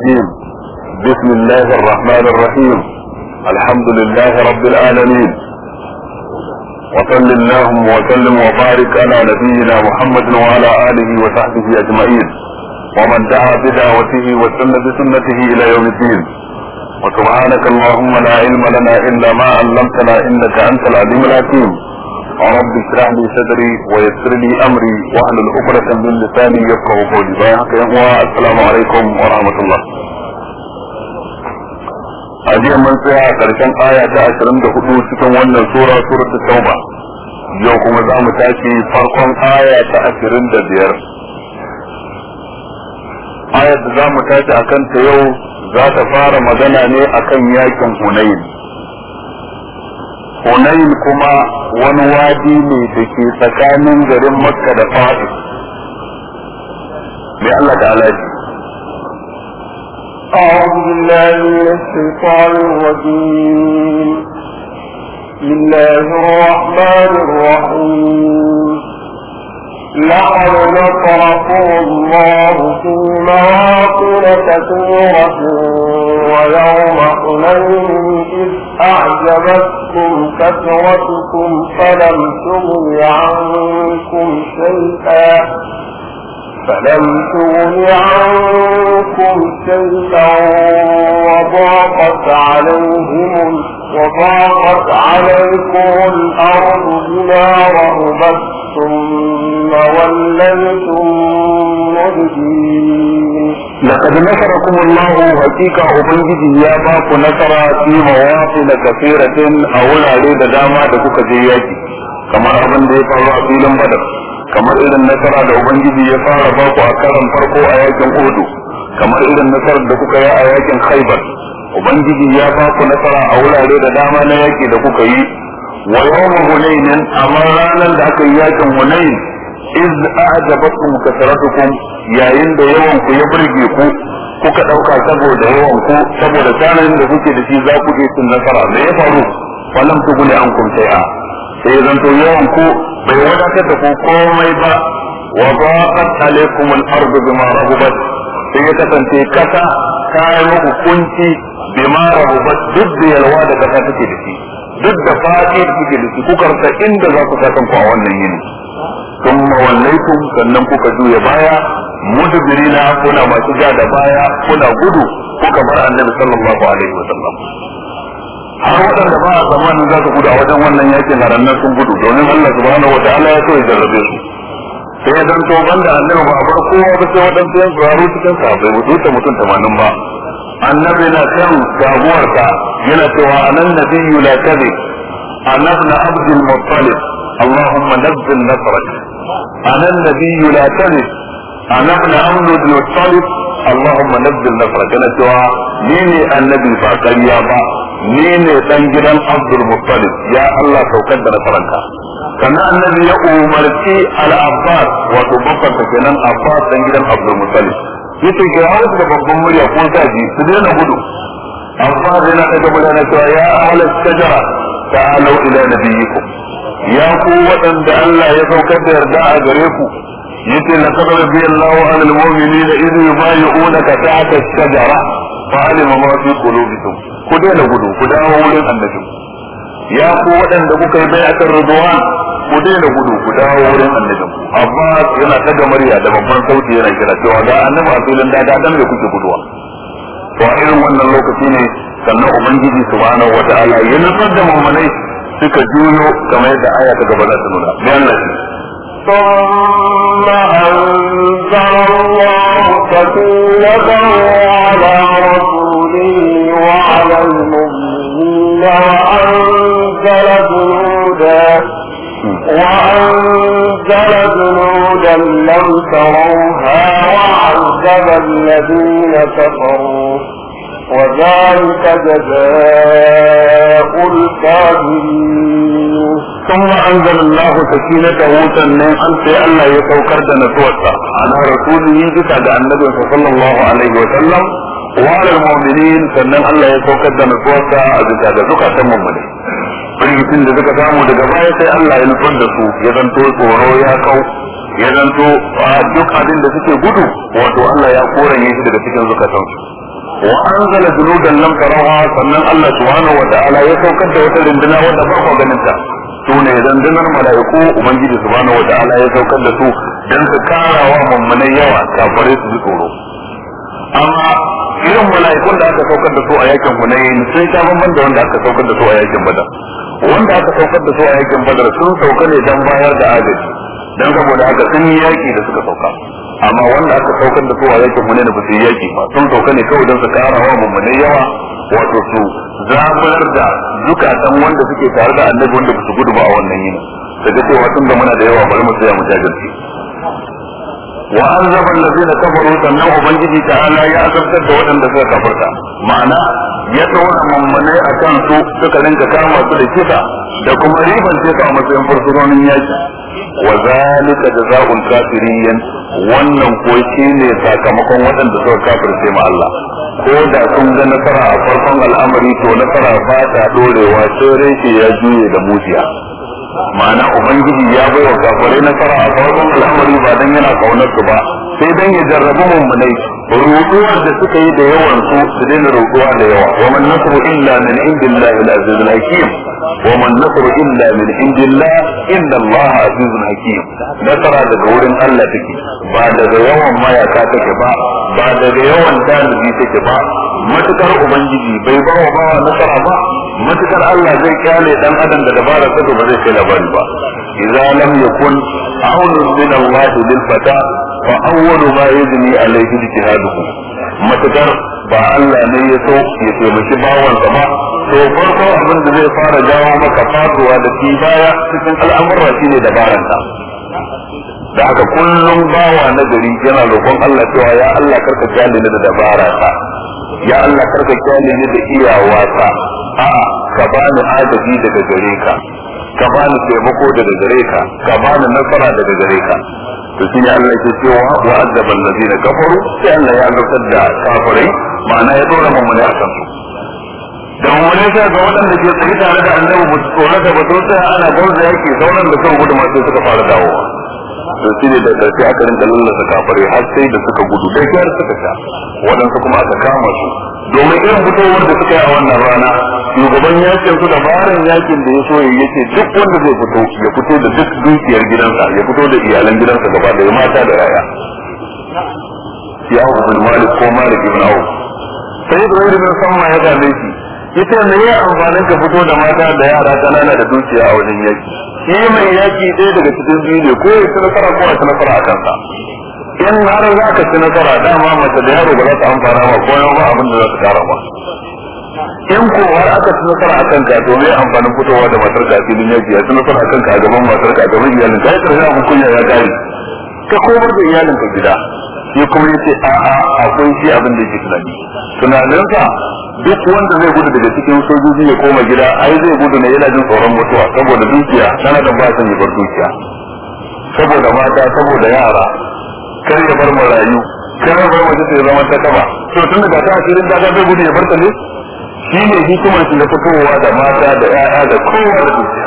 الرجيم بسم الله الرحمن الرحيم الحمد لله رب العالمين وصل اللهم وسلم وبارك على نبينا محمد وعلى اله وصحبه اجمعين ومن دعا بدعوته وسن بسنته الى يوم الدين وسبحانك اللهم لا علم لنا الا ما علمتنا انك انت العليم الحكيم رب اشرح لي صدري ويسر لي امري واحلل عقدة من لساني يفقه قولي بايعك يا السلام عليكم ورحمة الله هذه من سيعة كرشان آية عشر من دخلو سكن وانا سورة سورة التوبة يوكم الزعم تاكي فرقان آية عشر من دير آية الزعم تاكي أكن تيو ذات فار مدنة أكن ياكم هنين hunain kuma wani wadi ne da ke tsakanin garin makka da fa'i mai Allah da alaji أعوذ بالله من الشيطان الرجيم بسم الله الرحمن الرحيم لقد نصركم الله في مواطن كثيرة ويوم حنين إذ أعجبتكم كثرتكم فلم تغن عنكم شيئا فلم تغن عنكم شيئا وضاقت عليهم وضاقت عليكم الأرض بما رغبت ثم وليتم مدبرين لقد نصركم الله حقيقة أبنجي يا باكو نصر في مواطن كثيرة أول عليه داما دكوك جياجي كما أبن دي فالله في بدر kamar irin nasara da ubangiji ya fara baku a karan farko a yakin Odu kamar irin nasarar da kuka yi a yakin Khaibar ubangiji ya baku nasara a wurare da dama na yaki da kuka yi wa yawma hunainin amma ranar da aka yi yakin hunain iz a'jabakum kasratukum yayin da yawan ya burge ku kuka ɗauka saboda yawan ku saboda tsarin da kuke da shi za ku iya cin nasara me ya faru falam tuguni ankum shay'a sai zanto yawan ku bai wadatar da ku komai ba wa ba'at alaikum al-ardu bima rahabat sai ya kasance kasa ta yi muku kunci bima rahabat duk da yalwa da kasa take da shi duk da fadi da su kuka rasa inda za ku sakan ku a wannan yini sun mawallaitum sannan kuka juya baya mudbirina kuna masu ja da baya kuna gudu kuka bar annabi sallallahu alaihi wa sallam har waɗanda ba a tsammanin za su gudu a wajen wannan yakin a sun gudu domin Allah subhanahu wa ta'ala ya so ya jarrabe su sai ya zanto banda annabi ba a bar kowa ba sai waɗansu yan tsaro cikin sa ba su mutum tamanin ba annabi na kan taguwarsa yana cewa anan nabiyyu la kadhib ana ibn abdul muttalib allahumma nazzil nasrak ana nabiyyu la kadhib ana ibn abdul muttalib allahumma nazzil nasrak yana cewa ni ne annabi ba kariya ba ni ne dan gidan abdul muttalib ya allah saukar da nasaranka sannan annabi ya umarci al-abbas wato babban kenan abbas dan gidan abdul muttalib yake ga hausa da babban murya ko daji su daina gudu amma sai na daga murya na cewa ya ahla shajara ta'alu ila nabiyyikum ya ku waɗanda Allah ya saukar da yarda a gare ku yace la qad radiyallahu 'anil mu'minina idh yubayyi'unaka ta'ata shajara fa alima ma fi qulubihim ku daina gudu ku dawo wurin annabi ya ku waɗanda kuka yi bai akan rubuwa ku daina gudu ku dawo wurin annabin amma yana daga murya da babban sauti yana kira cewa ga annabi a filin daga dan da kuke guduwa to a irin wannan lokaci ne sannan ubangiji subhanahu wata'ala ya nufar da mummunai suka juyo kamar yadda aya ta gaba za ta nuna bi Allah shi ثم أنزل الله سكينته على رسوله وعلى المؤمنين وأنزل جنودا لم تروها وعذب الذين كفروا وذلك جزاء الكافرين ثم أنزل الله سكينته سنن أنت ألا يتوكر نتوسع على رسوله أن النبي صلى الله عليه وسلم وعلى المؤمنين سنن ألا يتوكر نتوسع بكتاب زكاة المؤمنين firgitin da suka samu daga baya sai Allah ya nufar da su ya zanto tsoro ya kau ya zanto duk abin da suke gudu wato Allah ya koranye shi daga cikin zukatan su wa zala junudan lam tarawha sannan Allah subhanahu wa ta'ala ya saukar da wata rinduna wanda ba ku ganin ta sune rundunar mala'iku ubangiji subhanahu wa ta'ala ya saukar da su dan su karawa mummunai yawa kafare su ji tsoro amma irin mala'ikun da aka saukar da su a yakin hunayen sun sha bamban da wanda aka saukar da su a yakin badar wanda aka saukar da su a yakin badar sun sauka ne dan bayar da agaji dan saboda haka sun yi yaki da suka sauka amma wanda aka saukar da su a yakin hunayen ba su yi yaki ba sun sauka ne kawai don su kara wa mummunai yawa wato su zabar da zukatan wanda suke tare da annabi wanda ba su gudu ba a wannan yini da ga cewa tun da muna da yawa bari mu tsaya mu jajirce wa azaba allazina kafaru sannan ubangiji ta'ala ya azabtar da waɗanda suka kafarta ma'ana ya tsawon mammane a kan su suka rinka kama su da kisa da kuma riban ce su a matsayin fursunonin yaki wa zalika jazaa'ul kafirin wannan ko ne sakamakon waɗanda suka kafirce ma Allah ko da sun ga nasara a farkon al'amari to nasara ba ta dorewa sai rai ya juye da mutiya ma'ana ubangiji ya bai wa na nasara a farkon al'amari ba dan yana kaunar su ba sai dan ya jarrabu mummunai ruɗuwar da suka yi da yawan su su daina ruɗuwa da yawa wa man nasru illa min indillahi al azizul hakim wa man nasru illa min indillahi inna allaha azizul hakim nasara daga wurin Allah take ba daga yawan mayaka take ba ba daga yawan dalibi take ba matukar ubangiji bai ba wa bawa nasara ba matukar Allah zai kyale dan adam da dabara ta ba zai kai labari ba idza lam yakun aunu min Allah lil fata fa awwalu ma yuzni alayhi ijtihaduhu matukar ba Allah ne ya so ya taimaki bawan sa ba to farko abin da zai fara jawo maka faduwa da kibaya baya cikin al'amura shine dabaran da haka kullum bawa na gari yana roƙon Allah cewa ya Allah karka kyale da dabara ta ya Allah karka kyale ni da iyawa ta a ka bani adabi daga gare ka ka bani taimako daga gare ka ka bani nasara daga gare ka to ne Allah yake cewa wa azaba allazina kafaru sai Allah ya azabtar da kafirai ma'ana ya dora mummune akan su. da wani sai ga waɗanda ke tsaye tare da annabi ba tsorata ba to sai ana gauza yake sauran da kan gudu ma sai suka fara dawowa to shine da karfi aka rinka lallasa kafare har sai da suka gudu da kyar suka sha waɗansu kuma aka kama su domin irin fitowar da suka yi a wannan rana shugaban yakin su da barin yakin da ya so ya ce duk wanda zai fito ya fito da duk dukiyar gidansa ya fito da iyalan gidansa gaba da mata da yaya ya hau bin malik ko malik ibn auf sai da wani bin sama ya ga laifi ita ne ya amfanin ka fito da mata da yara kanana da dukiya a wajen yaki shi mai yaki ɗaya daga cikin biyu ne ko ya ci nasara ko ya ci nasara a kansa in har za ka ci nasara dama mace da yaro ba za ta amfana ma ko ba abin da za ta kara ba in ko har aka ci nasara a kanka to mai amfanin fitowa da matar ka filin yaki ya ci nasara a kanka a gaban matar ka gaban iyalin ka ya karshe abin kunya ya kare ka komar da iyalin ka gida shi kuma ya ce a'a akwai shi abin da ke tunani tunaninka duk wanda zai gudu daga cikin sojoji ya koma gida ai zai gudu ne yana jin tsoron mutuwa saboda dukiya tana da ba son ya bar dukiya saboda mata saboda yara kar ya bar marayu kar ya bar mace ya zama ta kama to tun daga ta ashirin daga zai gudu ya bar ta ne shi ne hikimar shi na fitowa da mata da 'ya'ya da kowa da dukiya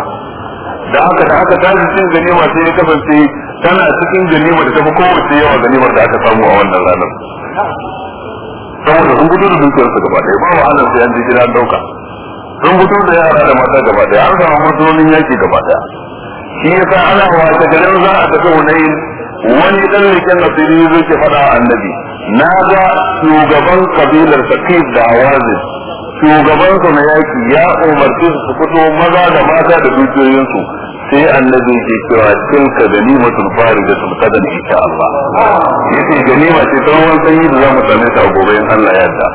da haka da haka tashi cikin ganima sai ya kasance tana cikin ganima da tafi kowace yawa ganimar da aka samu a wannan ranar saboda sun gudu da dukiyarsa gaba ɗaya ba wahalar sai an je gida ɗauka sun gudu da yara da mata gaba daya an samu matsalolin yaki gaba daya shi ya sa ana ta garin za a tafi wani wani dan leken asiri zai ke fada annabi na ga shugaban kabilar sakif da wazir shugabansu na yaki ya umarci su fito maza da mata da dukiyoyinsu sai annabi ke kira tilka ganimatul faridatul qadar insha Allah yace ganima ce don wani sanyi da zamu same ta gobe in Allah ya yarda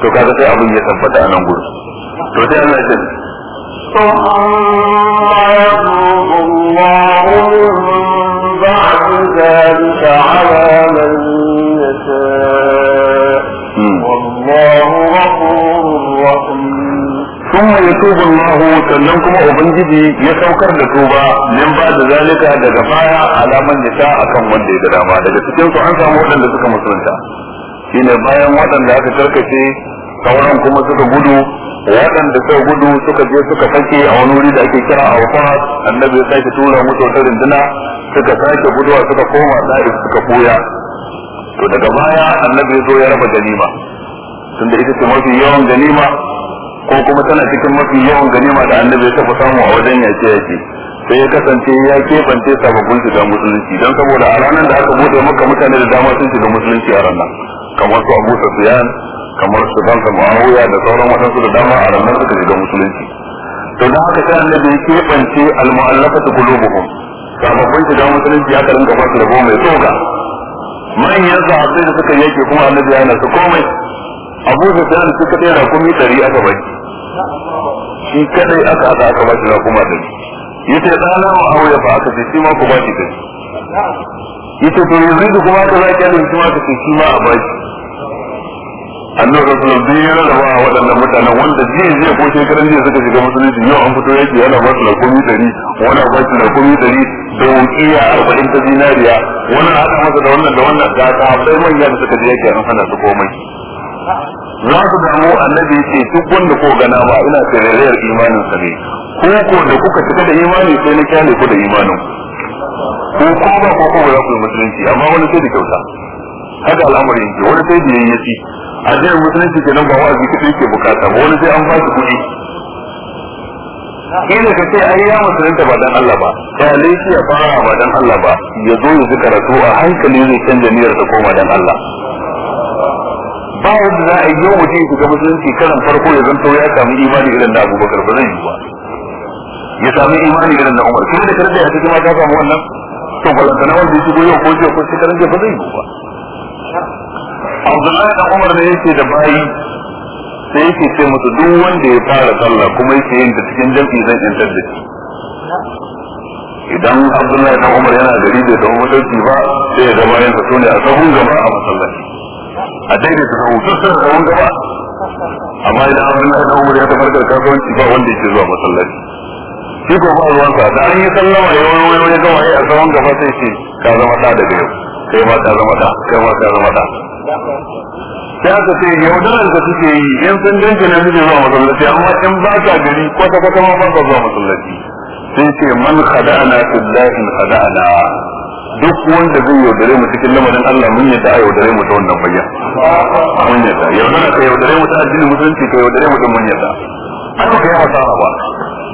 to kaga sai abin ya tabbata a nan gurin to sai Allah ya ce ثم يتوب الله من بعد ذلك على من ya yatubu Allahu sannan kuma ubangiji ya saukar da tuba min ba da zalika daga baya alaman da ta akan wanda ya dama daga cikin su an samu wadanda suka musulunta shine bayan wadanda aka tarkace sauran kuma suka gudu waɗanda suka gudu suka je suka fake a wani wuri da ake kira a wata annabi ya sake tura musu wata rinduna suka sake guduwa suka koma da'if suka koya to daga baya annabi ya zo ya raba ganima tunda ita ce mafi yawan ganima ko kuma tana cikin mafi yawan ganima da annabi ya taɓa samu a wajen yaƙe yake sai ya kasance ya kebance sababbin shiga musulunci don saboda a ranar da aka bude maka mutane da dama sun shiga musulunci a ranar kamar su abu safiyan kamar su kansa ma'awiya da sauran waɗansu da dama a ranar suka shiga musulunci to da haka sai annabi ya keɓance al-mu'allafatu qulubuhum sababbin shiga musulunci aka karin ba su rabo mai tsoga manyan sahabbai da suka yake kuma annabi ya nasu komai abu da sai suka tsaya kuma ɗari aka baki shi kadai aka aka aka ba shi kuma da yace dana wa ya fa aka ce shi ma ku ba shi kai yace to yanzu da kuma aka zaki alin shi ma aka ce shi ma a ba shi annabi rasulullah bin yana da wa waɗannan mutanen wanda jiya jiya ko shekaran jiya suka shiga musulunci yau an fito yake yana ba su lakumi dari wani ba su lakumi dari da wuƙiya arba'in ta zinariya wani haɗa masa da wannan da wannan ta sahabbai manya da suka je yake an hana su komai za su damu annabi ce duk wanda ko gana ba ina tsirrayar imanin sa ne ko ko da kuka cika da imani sai na kyale ku da imanin ko ko ba ko ko za ku musulunci amma wani sai da kyauta haka al'amari ke wani sai da yayyaci a jiyar musulunci kenan ba wa'azi kaɗai yake bukata ba wani sai an ba su kuɗi kila ka ce ai ya musulunta ba dan Allah ba a shi ya fara ba dan Allah ba ya zo ya ji karatu a hankali zai canja niyyar ta koma dan Allah ba wanda za a yi yau mutum ku ga musulunci karan farko ya zanto ya samu imani irin da abubakar ba zai yi ba ya samu imani irin da umar kuma da karfe a cikin mata samu wannan to balantana wanda ya shigo yau ko jiya ko shekaran jiya ba zai yi ba abdullahi da umar ne yake da bayi sai yake ce musu duk wanda ya fara sallah kuma yake yin ta cikin jam'i zan yantar da shi idan abdullahi da umar yana gari bai samu mutunci ba sai ya zama yansa sune a sahun gaba a masallaci a daidaita sahu sun sun sahun ba amma idan abin da aka umar ya ta farkar kasuwanci ba wanda yake zuwa masallaci shi ko ba ruwan sa da an yi sallama ya wani wani gama ya a sahun gaba sai ce ka zama da daga yau kai ma ka zama da kai ma ka zama da Ya aka ce yaudarar da suke yi yan sun danke ne suke zuwa masallaci amma in ba ka gari kwata kwata ma ba ka zuwa masallaci sun ce man khada'ana fillahi khada'ana duk wanda zai yaudare mu cikin lamarin Allah mun yadda a yaudare mu ta wannan bayyan mun yadda yaudare ka yaudare mu ta addinin musulunci ka yaudare mu don mun yadda ka yi hasara ba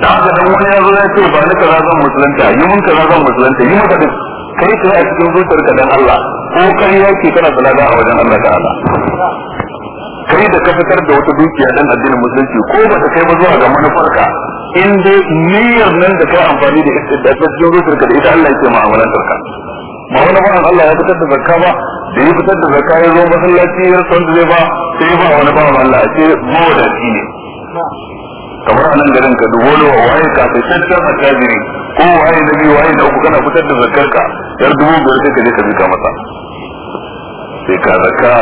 da haka dan wani ya zo ya ce ba ni kaza zan musulunta yi mun kaza zan musulunta yi maka duk kai kai a cikin ka dan Allah ko kai ke kana salada a wajen Allah ta'ala kai da ka fitar da wata dukiya dan addinin musulunci ko ba ta kai ba zuwa ga manufarka in dai niyyar nan da kai amfani da ita da ta jiro zuciyarka da ita Allah yake ma'amalan ka ba wani ba Allah ya fitar da zakka ba da ya fitar da zakka ya zo masallaci ya san da zai ba sai ba wani ba Allah ya ce mawadaci ne kamar anan garin ka dubolo wa waye ka sai tattar attajiri ko waye da biyu waye da uku kana fitar da zakkarka yar dubu biyar sai ka je ka bi ka masa sai ka zakka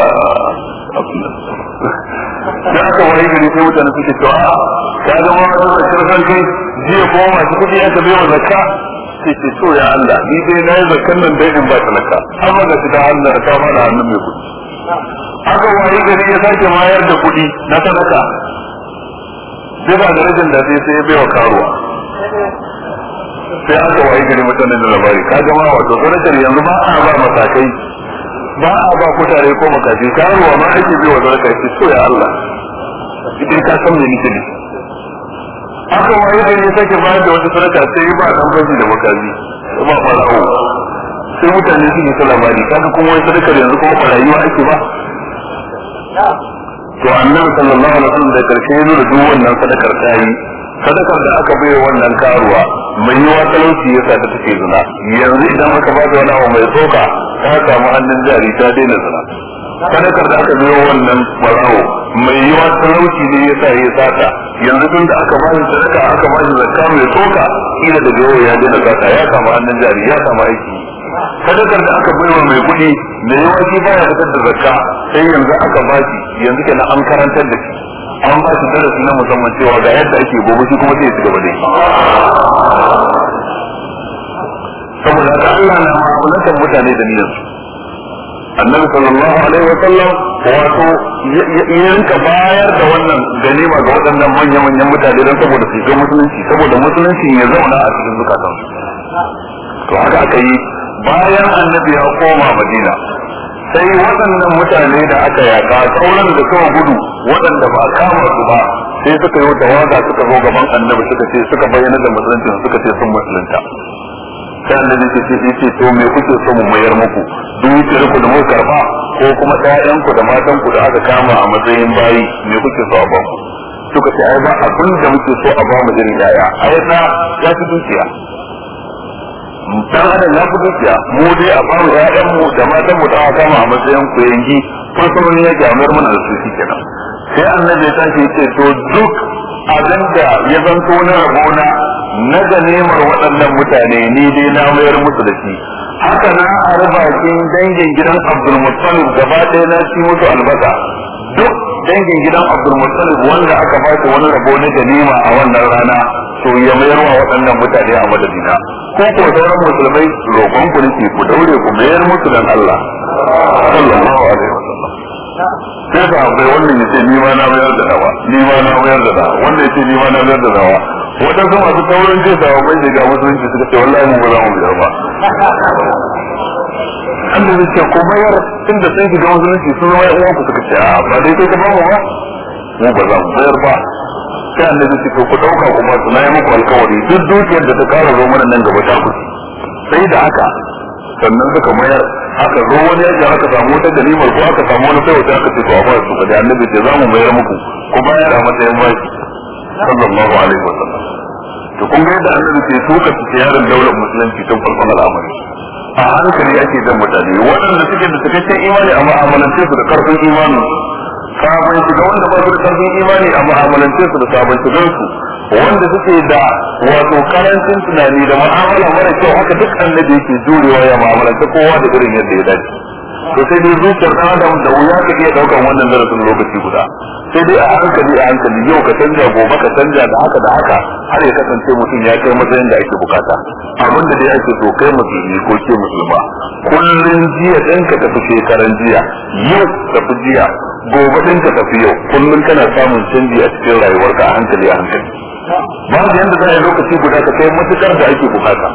da aka waye gari sai mutane suke cewa ya zama wani zakar sarki jiya kuma masu kuɗi aka bai wa zakka sai ke so ya Allah ni dai na yi zakkan nan dai in ba ta talaka amma da shi da Allah ta ba da hannun mai kuɗi aka waye gari ya sake mayar da kuɗi na talaka sai ba da rajin da zai sai ya bai wa karuwa sai aka waye gari mutane da labari ka gama wato sadakar yanzu ba a ba matakai ba a ba ku tare ko makafi ruwa ma ake bi wa zarka shi so ya Allah idan ka san me nake ne aka wani da ne sake bayar da wata sadaka sai ba dan banji da makafi ba fara'o sai mutane su ne ta labari kaga kuma wai sadaka yanzu kuma rayuwa ake ba to annabi sallallahu alaihi wasallam da karshe ya da duk wannan sadakar ta yi sadakar da aka bai wannan karuwa mai yiwa talauci ya sa ta take zina yanzu idan aka ba da wani abu mai tsoka ta samu hannun jari ta daina zina sadakar da aka bai wannan barawo mai yiwa talauci ne ya sa ya sata yanzu tun da aka bai sadaka aka bai zakka mai tsoka ila da gawo ya daina sata ya samu hannun jari ya samu aiki sadakar da aka baiwa mai kuɗi da yawanci baya fitar da zakka sai yanzu aka shi yanzu kenan an karantar da shi an ba shi darasi na musamman cewa ga yadda ake gobe shi kuma sai su gaba dai saboda da Allah na mulakan mutane da niyan su annabi sallallahu alaihi wa sallam wato yanka bayar da wannan ganima ga waɗannan manya-manyan mutane don saboda su ga musulunci saboda musulunci ya zauna a cikin su to haka aka yi bayan annabi ya koma madina sai waɗannan mutane da aka yaka sauran da suka gudu waɗanda ba kama su ba sai suka yi wata tawaga suka zo gaban annabi suka ce suka bayyana da musulunci suka ce sun musulunta sai annabi ke ce ce to me kuke so mu mayar muku dukiyar ku da muka karba ko kuma ɗayan ku da matan ku da aka kama a matsayin bayi me kuke so a baku suka ce ai ba abin da muke so a ba mu irin yaya ai na ya fi dukiya dan adam ya fi gaskiya mu dai a faru ƴaƴan mu da matan mu da aka kama a matsayin kuma fursunan ya gamar mana da su kenan sai annabi ta ce ce to duk abin da ya zanto na rabona na ganimar waɗannan mutane ni dai na mayar musu da shi haka na ari bakin dangin gidan abdulmuttalib gaba ɗaya na ci musu albasa duk dangin gidan Abdul abdulmuttalib wanda aka ba shi wani rabo na ganima a wannan rana to ya mayar wa waɗannan mutane a madadina ko ko sauran musulmai roƙon ku nake ku daure ku mayar musu dan Allah sallallahu alaihi wasallam sai da abai wannan yace ni ma na mayar da dawa ni ma na mayar da dawa wannan yace ni ma na mayar da dawa wadansu masu taurin wa bai shiga musulunci suka ce wallahi mu ba za mu biyar ba annabi ce ko bayar inda sun shiga musulunci sun zama yan uwanku suka ce a ba dai kai ka ba mu ba mu ba za mu bayar ba sai annabi ce to ku dauka ku ba na yi muku alkawari duk dukiyar da ta kara zo mana nan gaba ta ku sai da haka sannan suka mayar aka zo wani yaji aka samu wata ganimar ko aka samu wani sai wata aka ce to a fara su ka da annabi ce za mu mayar muku ku bayar a matsayin baki sallallahu alaihi wasallam to kun ga yadda annabi ce su ka ci yaron daular musulunci tun farkon al'amari a hankali ake jan mutane waɗanda suke da cikakken imani a ma'amalance su da karfin imani sabon shiga wanda ba su da karfin imani a ma'amalance su da sabon shigan su wanda suke da wato karancin tunani da ma'amala mara kyau haka duk annabi yake jurewa ya ma'amalance kowa da irin yadda ya dace to sai dai zuciyar dan adam da wuya ka iya daukan wannan darasin lokaci guda sai dai a hankali a hankali yau ka canja gobe ka canja da haka da haka har ya kasance mutum ya kai matsayin da ake bukata abin da dai ake so kai musulmi ko ke musulma kullum jiya ka tafi shekaran jiya yau tafi jiya gobe ka tafi yau kullum kana samun canji a cikin rayuwarka a hankali a hankali ba yanda za a yi lokaci guda ka kai matukar da ake bukata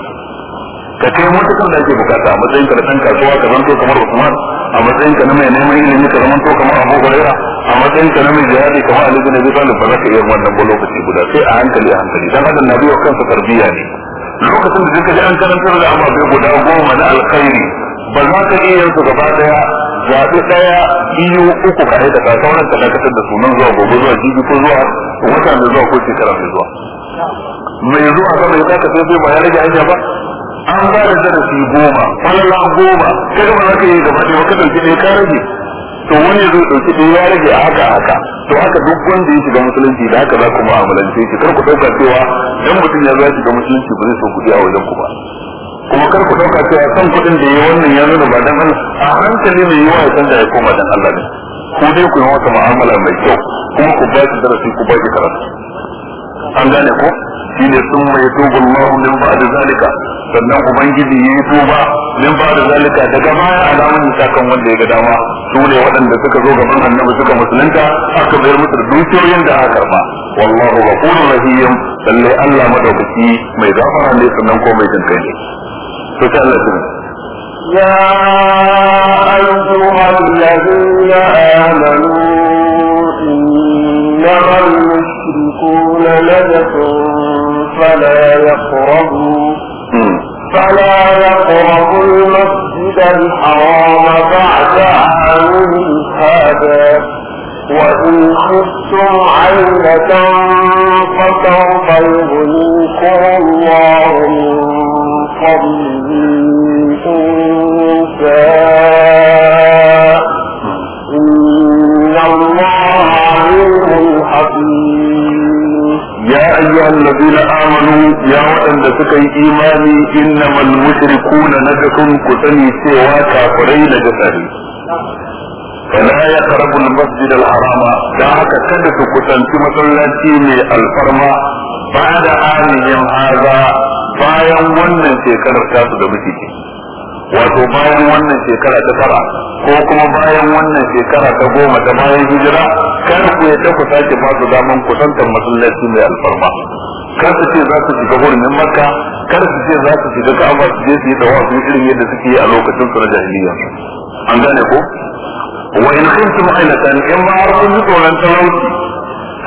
ka kai mutukan da ake bukata a matsayin ka da dan kasuwa ka zanto kamar Usman a matsayin ka na mai neman ilimi ka zanto kamar Abu Hurairah a matsayin ka na mai jihadi kamar Ali bin Abi Talib ba za ka iya wannan ba lokaci guda sai a hankali a hankali dan hadan nabi wa kansa tarbiyya ne lokacin da kake an karantar da amma bai guda goma na alkhairi ba za ka iya yin su gaba daya zaɓi ɗaya biyu uku ka ka sauran ka dakatar da sunan zuwa gobe zuwa jibi ko zuwa wata mai zuwa ko shekara mai zuwa mai zuwa ga mai zaka sai ba ya rage hanya ba an ba da darasi goma kwallon goma kada ba za ka yi da ɗaya ka ɗauki ne ka rage to wani zai ɗauki ɗaya ya rage a haka haka to haka duk wanda ya shiga musulunci da haka za ku mu'amalance shi kar ku ɗauka cewa dan mutum ya zo ya shiga musulunci ba zai so kuɗi a wajen ku ba kuma kar ku ɗauka cewa san kuɗin da ya wannan ya nuna ba dan Allah a hankali mai yiwa ya san da ya koma dan Allah ne ku dai ku yi wata mu'amala mai kyau kuma ku ba shi darasi ku ba shi karatu an gane ko shi ne sun mai tugun lahu min ba'da zalika sannan ubangiji ya yi tuba min ba da zalika daga baya alamun nisa wanda ya ga dama su ne waɗanda suka zo gaban annabi suka musulunta aka bayar musu da dukiyoyin da aka karba wallahu ghafurur rahim sallai Allah madaukaki mai gafara ne sannan ko mai jinkai ne to sai Allah ya يا أيها الذين آمنوا إنما المشركون نجس فلا يقربوا فلا يقربوا المسجد الحرام بعد عام هذا وإن خفتم عيلة فسوف يغنيكم الله من فضله الذين آمنوا يا وأن سكي إيماني إنما المشركون نجس كتني سوى كافرين جسدي فلا يقرب المسجد الحرام ذاك كدس كتن مسلاتي من الفرما بعد آنهم هذا bayan wannan shekarar tasu da muke wato bayan wannan shekara ta fara ko kuma bayan wannan shekara ta goma ta bayan hijira kar ku ya ta ku sake ba su daman kusantar masallaci mai alfarma kar su ce za su shiga hurumin makka kar su ce za su shiga ka'aba su je su yi tawafi irin yadda suke yi a lokacin su na jahiliya an gane ko wa in kuntum ailatan in ma kun tsoron talauci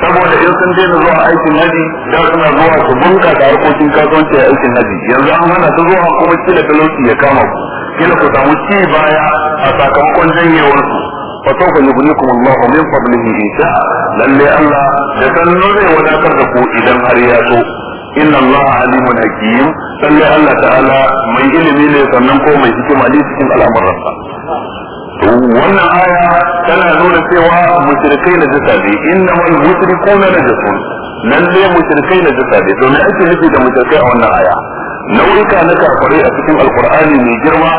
saboda in sun daina zuwa aikin haji da suna zuwa su da harkokin kasuwanci a aikin haji yanzu an hana su zuwa kuma kila talauci ya kama ku kila ku samu ci baya a sakamakon janyewar su fa sawfa yughnikum Allah min fadlihi in sha lalle Allah da sannu zai wadatar da ku idan har ya so inna Allah Allah ta'ala mai ilimi ne sannan ko mai cikin wannan aya tana nuna cewa mushrikai na jisa ne inna wal mushrikuna nan lalle mushrikai na jisa ne to me ake nufi da mushrikai a wannan aya nau'ika na kafirai a cikin alkur'ani mai girma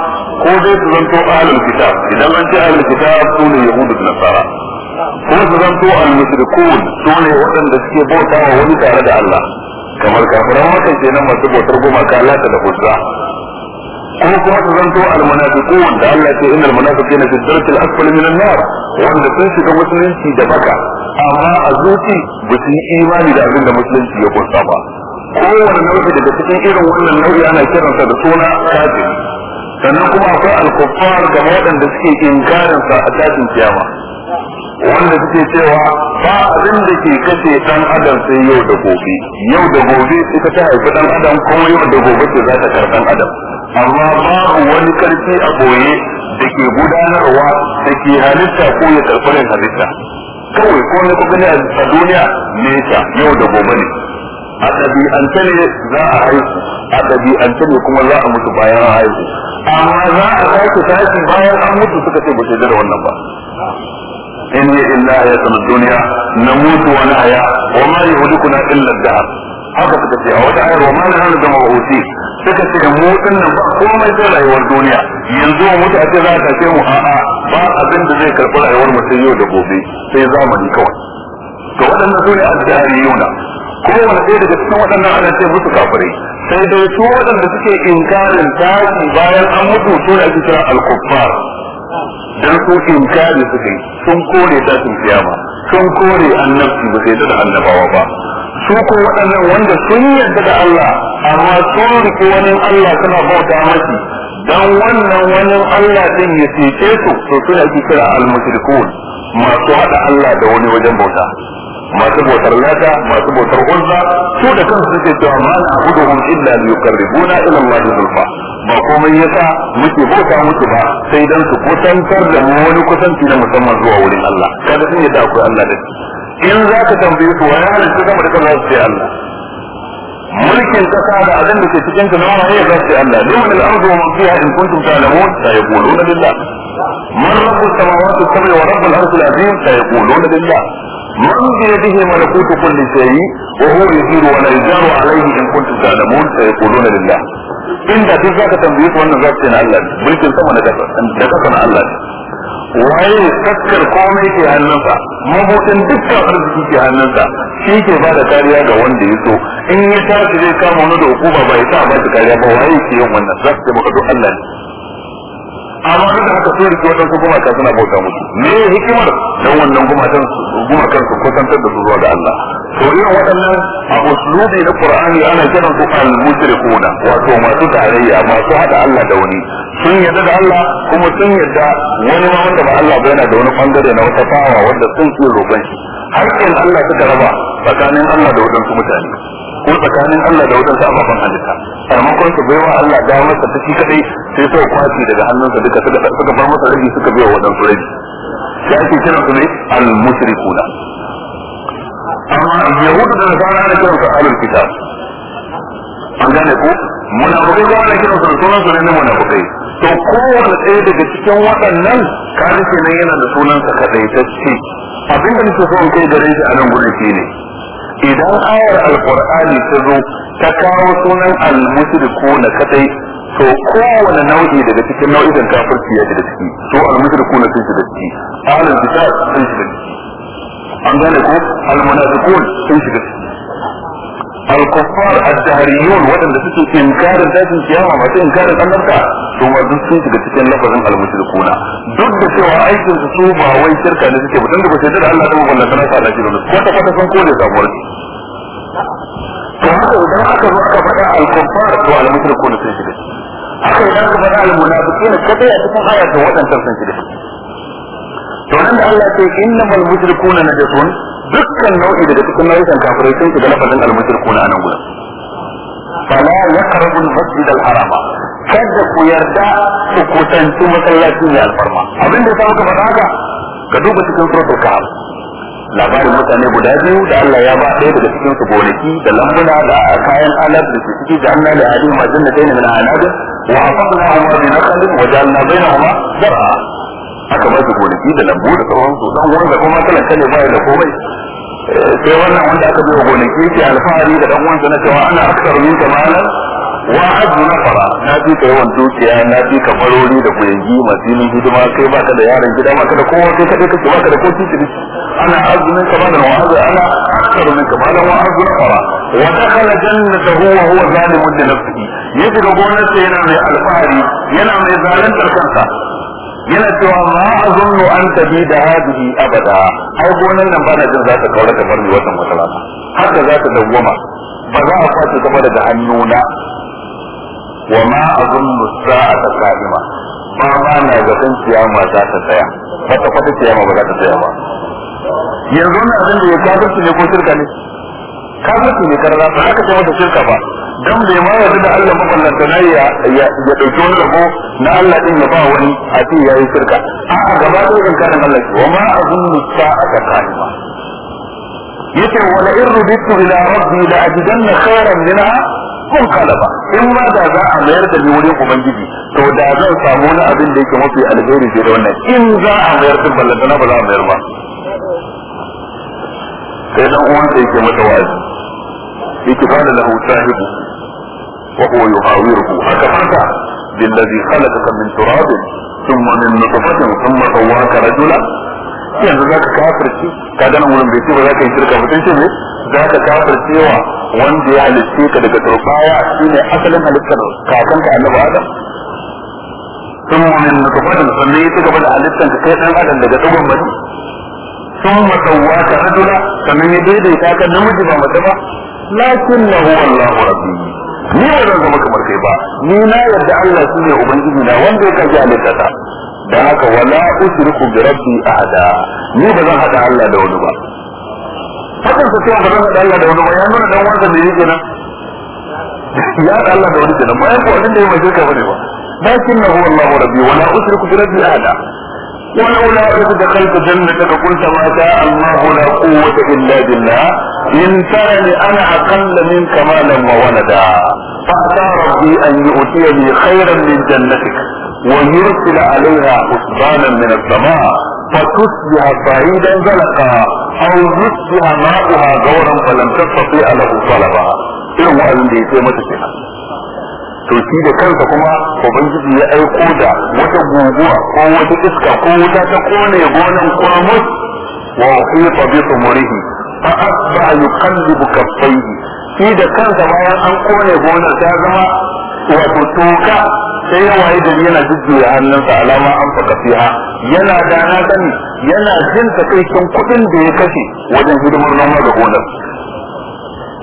ko dai su zanto ahlul kitab idan an ce ahlul kitab su ne yahudu da nasara ko su zanto al-mushrikun su ne waɗanda suke bautawa wani tare da Allah kamar kafiran maka kenan masu bautar gumaka lata da hujja ko kuma su zanto almunafiqun da Allah ce innal munafiqina fi dharki al-asfali min an-nar wanda sun shiga musulunci da baka amma a zuci ba su yi imani da abin da musulunci ya kunsa ba kowane nau'i daga cikin irin wannan nau'i ana kiransa da suna kafiri sannan kuma akwai al-kuffar da waɗanda suke inkarin sa a tashin kiyama wanda suke cewa ba abin da ke kashe dan adam sai yau da gobe yau da gobe ita ta haifi dan adam kuma yau da gobe ce za ta karɓi dan adam amma babu wani karfi a goye da ke gudanarwa da ke halitta ko ya karɓarin halitta kawai ko na kuka ne a duniya nesa yau da gobe ne a ɗabi'ance ne za a haihu a ɗabi'ance ne kuma za a mutu bayan a haihu amma za a sake tashi bayan an mutu suka ce ba su da wannan ba in illa ya sanar duniya na mutu wani haya wa ma kuna illa da haka suka ce a wata ayar wa na hannu zama mawuti suka ce mu din nan komai sai rayuwar duniya yanzu mu mutu a ce za a tafi mu a'a ba abin da zai karɓi rayuwar mu yau da gobe sai zamani kawai to waɗannan su ne addariyuna kowane ɗaya daga cikin waɗannan ana ce musu kafirai sai dai su waɗanda suke inkarin tashi bayan an mutu su ne ake kira al-kuffar dan su inkari suke sun kore tashin kiyama sun kore annabci ba sai da annabawa ba su ko waɗannan wanda sun yarda da Allah amma sun riƙe wani Allah suna bauta maki dan wannan wani Allah din ya cece su to suna ake kira al-mushrikun masu hada Allah da wani wajen bauta masu bautar lata masu bautar uzza su da kansu suke cewa ma hun illa Buna, ila Allah zulfa ba komai yasa muke bauta musu ba sai dan su kusantar da mu wani kusanci na musamman zuwa wurin Allah kada sun yadda akwai Allah da in za ka tambaye su wani halittu zama da kan za Allah mulkin kasa da abin da ke cikin ka nama ne za su ce Allah liman al-ardu wa man fiha in ta ta'lamun sa yaquluna lillah man rabbu samawati as-sab'i wa rabbu al-arshi ta azim sa yaquluna lillah man bi yadihi malakutu kulli yi wa huwa yujiru wa la yujaru alayhi in kuntum yi kulo na lillah inda duk za ka tambaye su wannan za su ce na Allah mulkin sama da kasa na Allah ne waye kaskar komai ke hannunsa mabokin dukkan arziki ke hannunsa shi ke ba da kariya ga wanda ya so in ya tashi zai kama wani da hukuma ba ya sa ba da kariya ba waye ke yin wannan za su ce maka Allah ne amma duk da haka sai rike kuma gumaka suna bauta musu me hikimar don wannan gumakan kansu su kusantar da su zuwa ga Allah to irin waɗannan a usulubi na Qur'ani ana kiran su al-mushrikuna wato masu tarayya masu hada Allah da wani sun yarda da Allah kuma sun yarda wani ma wanda ba Allah ba yana da wani bangare na wata fawa wanda sun ke roƙon shi har in Allah suka raba tsakanin Allah da waɗansu mutane ko tsakanin Allah da wajen sababban halitta sakamakon su baiwa Allah da sa take kadai sai suka kwaci daga hannunsa duka suka suka bar masa rabi suka biya wadansu rabi sai ake kiran su ne al-mushrikuna amma yahudu da nasara ana kiran su ahlul kitab an gane ko munafikai ba ana kiran su da sunan su ne munafikai to kowanne ɗaya daga cikin waɗannan ka nan yana da sunansa kaɗaitacce abinda nake so in kai gare shi a nan gurin shi ne idan ayar alkur'ani ta zo ta kawo sunan almushriku na kadai to kowane nau'i daga cikin nau'ikan kafirci ya da ciki to almushriku na sun da ciki ahlul kitab sun da ciki an gane ko almunafiqun sun da ciki الكفار الدهريون ودن لسيكي إنكار ذات القيامة ما إنكار الأنبتا ثم ذو سيكي لسيكي لفظ المشركون ضد سوى أي تنسوبة وأي شركة لسيكي بدن لكي تدر الله نبو بلنا تنسى على جيرون كتا كتا سنقول يا ساموري فهذا إذا أكا وقت بدأ الكفار سوى المشركون سيكي haka idan ka faɗa almunafiqin kadai a cikin ayar da waɗancan sun shi to nan da Allah ce innamal mushrikuna najasun dukkan nau'i daga cikin nau'ikan kafirai sun shiga lafazin al na nan gudu. fala yaqrabu al-masjid al-haram kada ku yarda ku kusanci masallacin ya alfarma abin da ya muka faɗa haka ka duba cikin suratul kahf labarin mutane guda biyu da Allah ya ba ɗaya daga cikin su gonaki da lambuna da kayan alaf da suke da Allah da hadin majalla ne min anabi wa hafadna wa bi naqlin wa jalna bainahuma zar'a aka ba shi gonaki da lambu da sauransu don wurin da kuma talaka ne bai da komai eh, sai wannan wanda aka biyo gonaki ke alfahari da ɗan uwansa na cewa ana aksar min kamala wa azu fara na fi ka yawan dukiya na fi ka farori da kuyangi masu yin hidima kai baka da yaron gida baka da kowa kai kadai kake baka da ko titi ana azu min kamala wa azu ana aksar min kamala wa azu nafara wa dakhala jannatahu wa huwa zalimun li nafsihi yaji ga gonarsa yana mai alfahari yana mai zalantar kansa yana cewa ma azunnu an tabi da hadihi abada har gonan nan bana jin za ta kaura ta farmi ni wannan wata rana har da za ta dawwama ba za a kwace ta daga hannuna wa ma sa'a ta ka'ima ba ma na zaton kiyama za ta tsaya ba ta kwata kiyama ba za ta tsaya ba yanzu na abin da ya kafirci ne ko shirka ne kafirci ne karara ba haka sai mata shirka ba dan bai ma yarda da Allah maballanta na ya ya dauki wani rabo na Allah din ya ba wani a ce yayi shirka a gaba da in kana Allah ce wa ma azunnu sa'ata kaima yace wa la in rubitu ila rabbi la ajidanna khairan minha kun kalaba in ma da za a mayar da ni wurin ubangiji to da zan samu wani abin da yake mafi alheri da wannan in za a mayar da ballantana ba za a mayar ba sai dan uwan sai yake mata wa'azi yake fara lahu sahibu wa huwa yuhawiruhu haka haka billazi khalaqaka min turab thumma min nutfatin thumma sawwaka rajula yanzu zaka kafirci ka ga nan wurin bai ce ba zaka yi shirka ba sai ce ne zaka kafircewa wanda ya halicce ka daga turbaya shine asalin halittar kakanka annabi adam ثم من نطفة sannan ya ci gaba da halittar ka kai dan adam daga dogon mace sun masauwa ka rajula sannan ya daidaita ka namiji ba mace ba na huwa Allahu rabbi ni ba zan zama kamar kai ba ni na yarda Allah shine ubangiji na wanda ya kaji halittata da haka wala usriku bi rabbi ahada ni ba zan hada Allah da wani ba hakan sa cewa ba zan hada Allah da wani ba ya nuna dan wanda ne yake na, ya hada Allah da wani kenan ba ya ko wanda ya mai ka bane ba lakinna huwa Allahu rabbi wala usriku bi rabbi ahada ولولا إذ دخلت جنتك قلت ما شاء الله لا قوة إلا بالله إن ترني أنا أقل منك مالا وولدا فأتى ربي أن يؤتيني خيرا من جنتك ويرسل عليها حسبانا من السماء فتصبح سعيدا زلقا أو يصبح ماؤها غورا فلم تستطيع له طلبا إيه وأن دي متى to shi da kansa kuma ubangiji ya aiko da wata guguwa ko wata iska ko wuta ta kone gonan kurmus wa uhita bi sumurihi fa asba yuqallibu kaffayhi shi da kansa bayan an kone gonar ta zama wato toka sai ya waye gari yana jujjuya hannunsa alama an faka fiha yana da na sani yana jin takaicin kuɗin da ya kashe wajen hidimar noma da gonar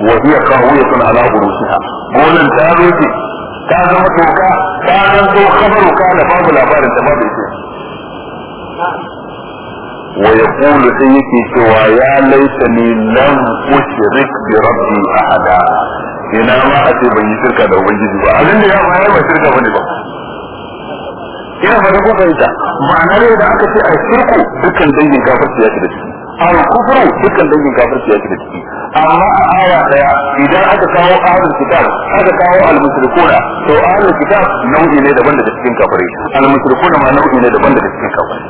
wa hiya kawiyatun ala urusiha gonar ta rufe ta zama doka ta zan zo kabaru kana babu labarin da babu ita wa yaqulu sai yake cewa ya laitani lam ushrik bi rabbi ahada ina ma a ce ban yi shirka da ubangiji ba abin da ya ma ya ba shirka bane ba ina ba da ko fahimta ma'ana ne da aka ce a shirku dukkan dangin kafirci ya ci da shi an kufurin dukkan dangin kafirci ya shiga ciki amma a aya daya idan aka kawo ahlul aka kawo al to ahlul nau'i ne daban daga cikin kafirai al ma nau'i ne daban daga cikin kafirai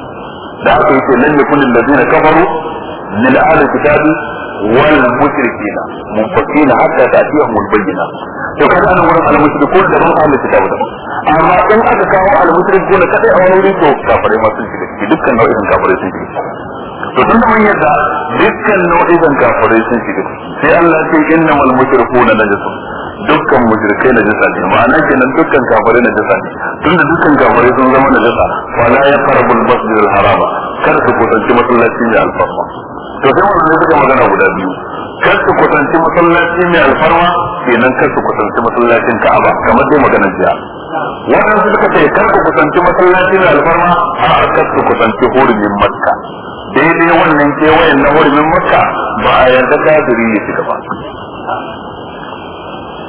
da aka yi ce lan yakun allazina kafaru lil ahlul kitab wal mushrikina munfakina hatta ta'tiyahum al-bayyina to kada an wurin al da ban ahlul da amma in aka kawo al kadai a wani ma sun dukkan nau'in sun to tunda mun yadda dukkan nau'ikan kafirai sun shiga sai Allah ce innamal mushrikuna najasun dukkan mushrikai na jisa ne ma'ana kenan dukkan kafirai na jisa ne tunda dukkan kafirai sun zama na jisa fa la yaqrabul masjid al harama kar su kusanci masallacin ya alfarma to sai mun ne suka magana guda biyu kar su kusanci masallaci mai alfarma kenan kar su kusanci masallacin ka'aba kamar dai magana jiya wannan suka ce kar ku kusanci masallaci mai alfarma a kar su kusanci hurumin makka daidai wannan kewayen na wurin makka ba a yarda kafiri ya shiga gaba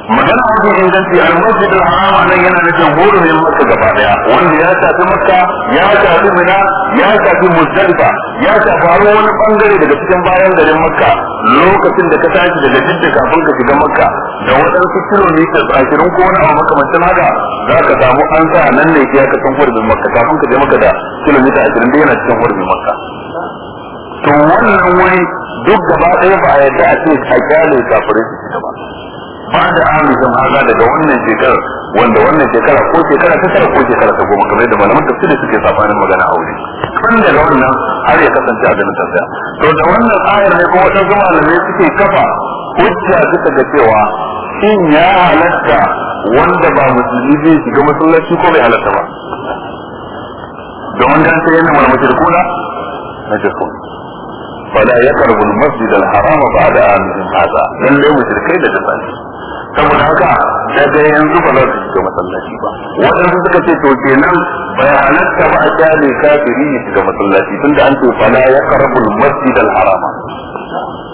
magana wajen inganci al-masjid al hama nan yana nufin yin makka gaba daya wanda ya shafi makka ya shafi mina ya shafi muzdalifa ya shafi har wani bangare daga cikin bayan garin makka lokacin da ka tashi daga jirgin kafin ka shiga makka da waɗansu kilomita ashirin ko wani abu makamancin haka za ka samu an sa nan ne ya aka san hurumin makka kafin ka je maka da kilomita ashirin da yana cikin wurin maka to wannan wuri duk gaba ɗaya ba a yadda a ce a kyale kafirai su ba ba da amurkan haza daga wannan shekarar wanda wannan shekara ko shekara ta tara ko shekara ta goma kamar da malaman tafsiri suke safanin magana a wuri tun daga wannan har ya kasance a ganin tafiya to da wannan ayar ne kuma wadansu malamai suke kafa hujja suka ga cewa shin ya halatta wanda ba musulmi zai shiga masallaci ko bai halatta ba don dan sai yana malamin shirkuna na shirkuna fala yaqrabu al-masjid al-haram ba'da amihim hada dan lai mushrikai da dafani saboda haka da daga yanzu ba za su shiga masallaci ba waɗansu suka ce to kenan bai halatta ba a kyale kafiri ya shiga masallaci tunda an ce fala yaqrabu al-masjid al-haram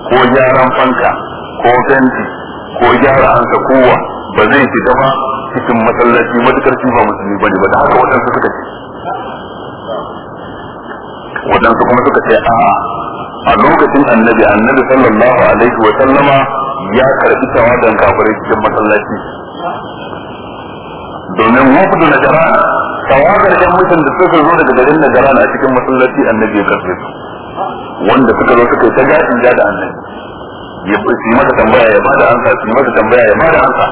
ko gyaran fanka ko fenti ko gyara an kowa ba zai shiga ba cikin masallaci matukar shi ba musulmi bane ba da haka waɗansu suka ce waɗansu kuma suka ce a'a a lokacin annabi annabi sallallahu alaihi wa sallama ya karbi tawadan kafirai cikin masallaci domin da na jaran tawagar kan mutum da suka zo daga garin najaran na cikin masallaci annabi ya karbe su wanda suka zo suka yi ta gashin ja da annabi ya yi mata tambaya ya ba da ansa su yi mata tambaya ya ba da ansa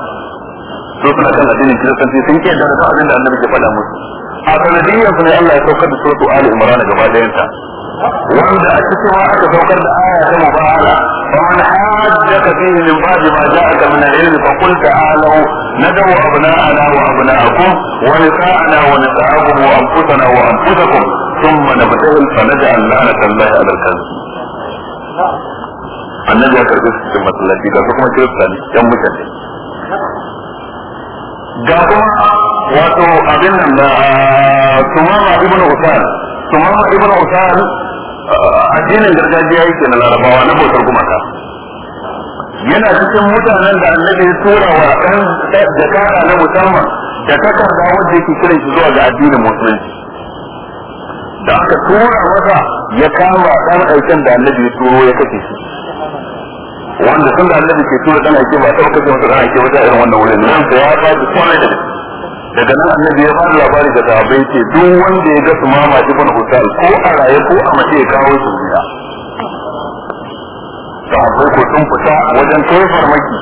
so suna kan addinin kiristanci sun ke da abin da annabi ke faɗa musu a sanadiyyar su ne Allah ya saukar da suratu Ali Imran gaba ɗayanta wanda a cikin wa aka saukar da aya ta mubala فمن حاجك فيه من بعد ما جاءك من العلم فقل تعالوا ندعو أبناءنا وأبناءكم ونساءنا ونساءكم وأنفسنا وأنفسكم ثم نبتهل فنجعل لعنة الله على الكذب annabi ya karbi su cikin masallaci ga kuma kirista ne yan mutane ga kuma wato abin nan da tumama ibnu usal tumama ibnu usal addinin gargajiya yake na larabawa na bautar gumaka yana cikin mutanen da annabi ya tura wa ɗan da kara na musamman da takarda wanda yake kiran shi zuwa ga addinin musulunci da aka tura masa ya kama ɗan aikin da annabi ya turo ya kashe shi wanda sun da annabi ke tura ɗan aiki ba ta kashe masa ɗan aiki wata irin wannan wurin nan ya ba su kwanar da daga nan annabi ya fara labari da sahabbai ce duk wanda ya ga su mama ibn hotel ko a raye ko a mace ya kawo su gida sahabbai ko sun fita wajen kai farmaki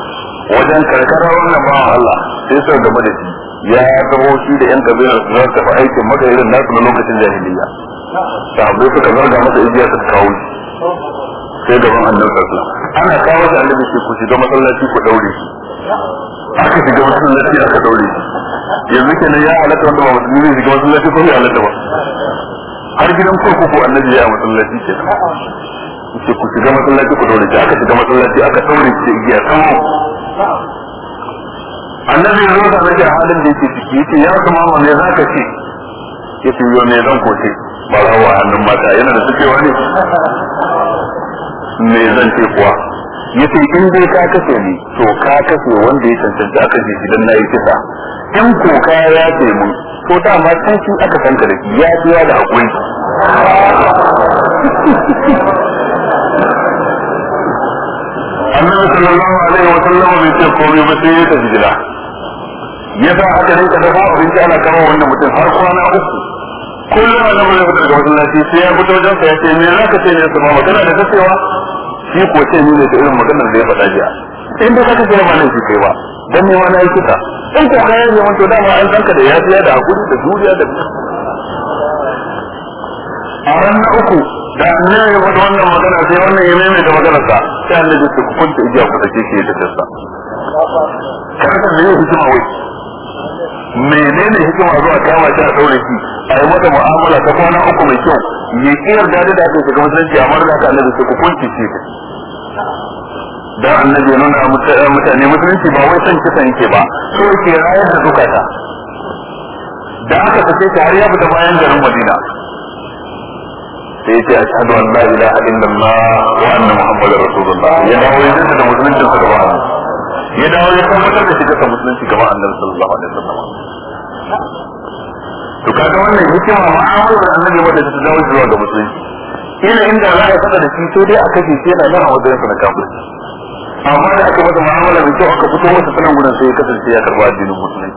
wajen karkara wannan ba Allah sai sau da madadi ya taho shi da yan kabilar su za su tafi aikin maka irin nasu na lokacin jahiliya sahabbai suka zarga masa igiya su kawo shi sai gaban annabi sallallahu ana kawo da annabi shi ku shiga masallaci ku daure shi aka shiga masallaci aka daure shi yanzu kenan ya halatta wanda ba musulmi ne shiga masallaci ko ya halatta ba har gidan ko annabi ya masallaci ke ce ku shiga masallaci ku daure ki aka shiga masallaci aka daure ki igiya kan annabi ya roƙa nake a halin da yake ciki yace ya kuma ma me zaka ce yace yo ne zan ko ce ba rawa hannun mata yana da sukewa ne me zan ce kuwa yace in dai ka kace ni to ka kace wanda ya cancanci aka ji idan nayi kisa in kuka ya ce mun ko ma can shi aka san ka da shi ya fiya da hakuri annabi sallallahu alaihi wa sallam bai ce ko ba sai ya tafi gida ya sa aka rinka dafa abinci ana kama wannan mutum har kwana uku kullum annabi ya fita daga masallaci sai ya fito wajen sa ya ce me za ka ce ne su ma magana da ta shi ko ce ni ne da irin maganar da ya faɗa jiya in da kaka gina mana shi kai ba dan ne ma na yi in ko kayan ne wato dama an sanka da yafiya da hakuri da juriya da a ran na uku da ne ya wannan magana sai wannan ya magana ta sai annabi su kunta igiya ku da kike da dasa kada ne hikima wai menene hikima zuwa kama shi a daure shi a yi mata mu'amala ta kwana uku mai kyau ya kiyar da da aka shiga musulunci amma da aka annabi su kunta shi da annabi ya nuna mutane musulunci ba wai san kisan yake ba so yake rayar da zukata da aka tafi ta har ya fita bayan garin madina sai ce ashhadu an la ilaha illallah wa anna muhammadar rasulullah ya dawo ya da musuluncin sa gaba ya dawo ya tabbatar da shiga sa musulunci gaba annabi sallallahu alaihi wasallam to kaga wannan hikima ma'amalar annabi wanda ta dawo zuwa ga musulunci ina inda za a faɗa da shi sai dai a kashe shi yana nan a wajen sa na kafirci amma da aka masa mu'amala da kyau aka fito masa sanan gudan sai ya kasance ya karba addinin musulunci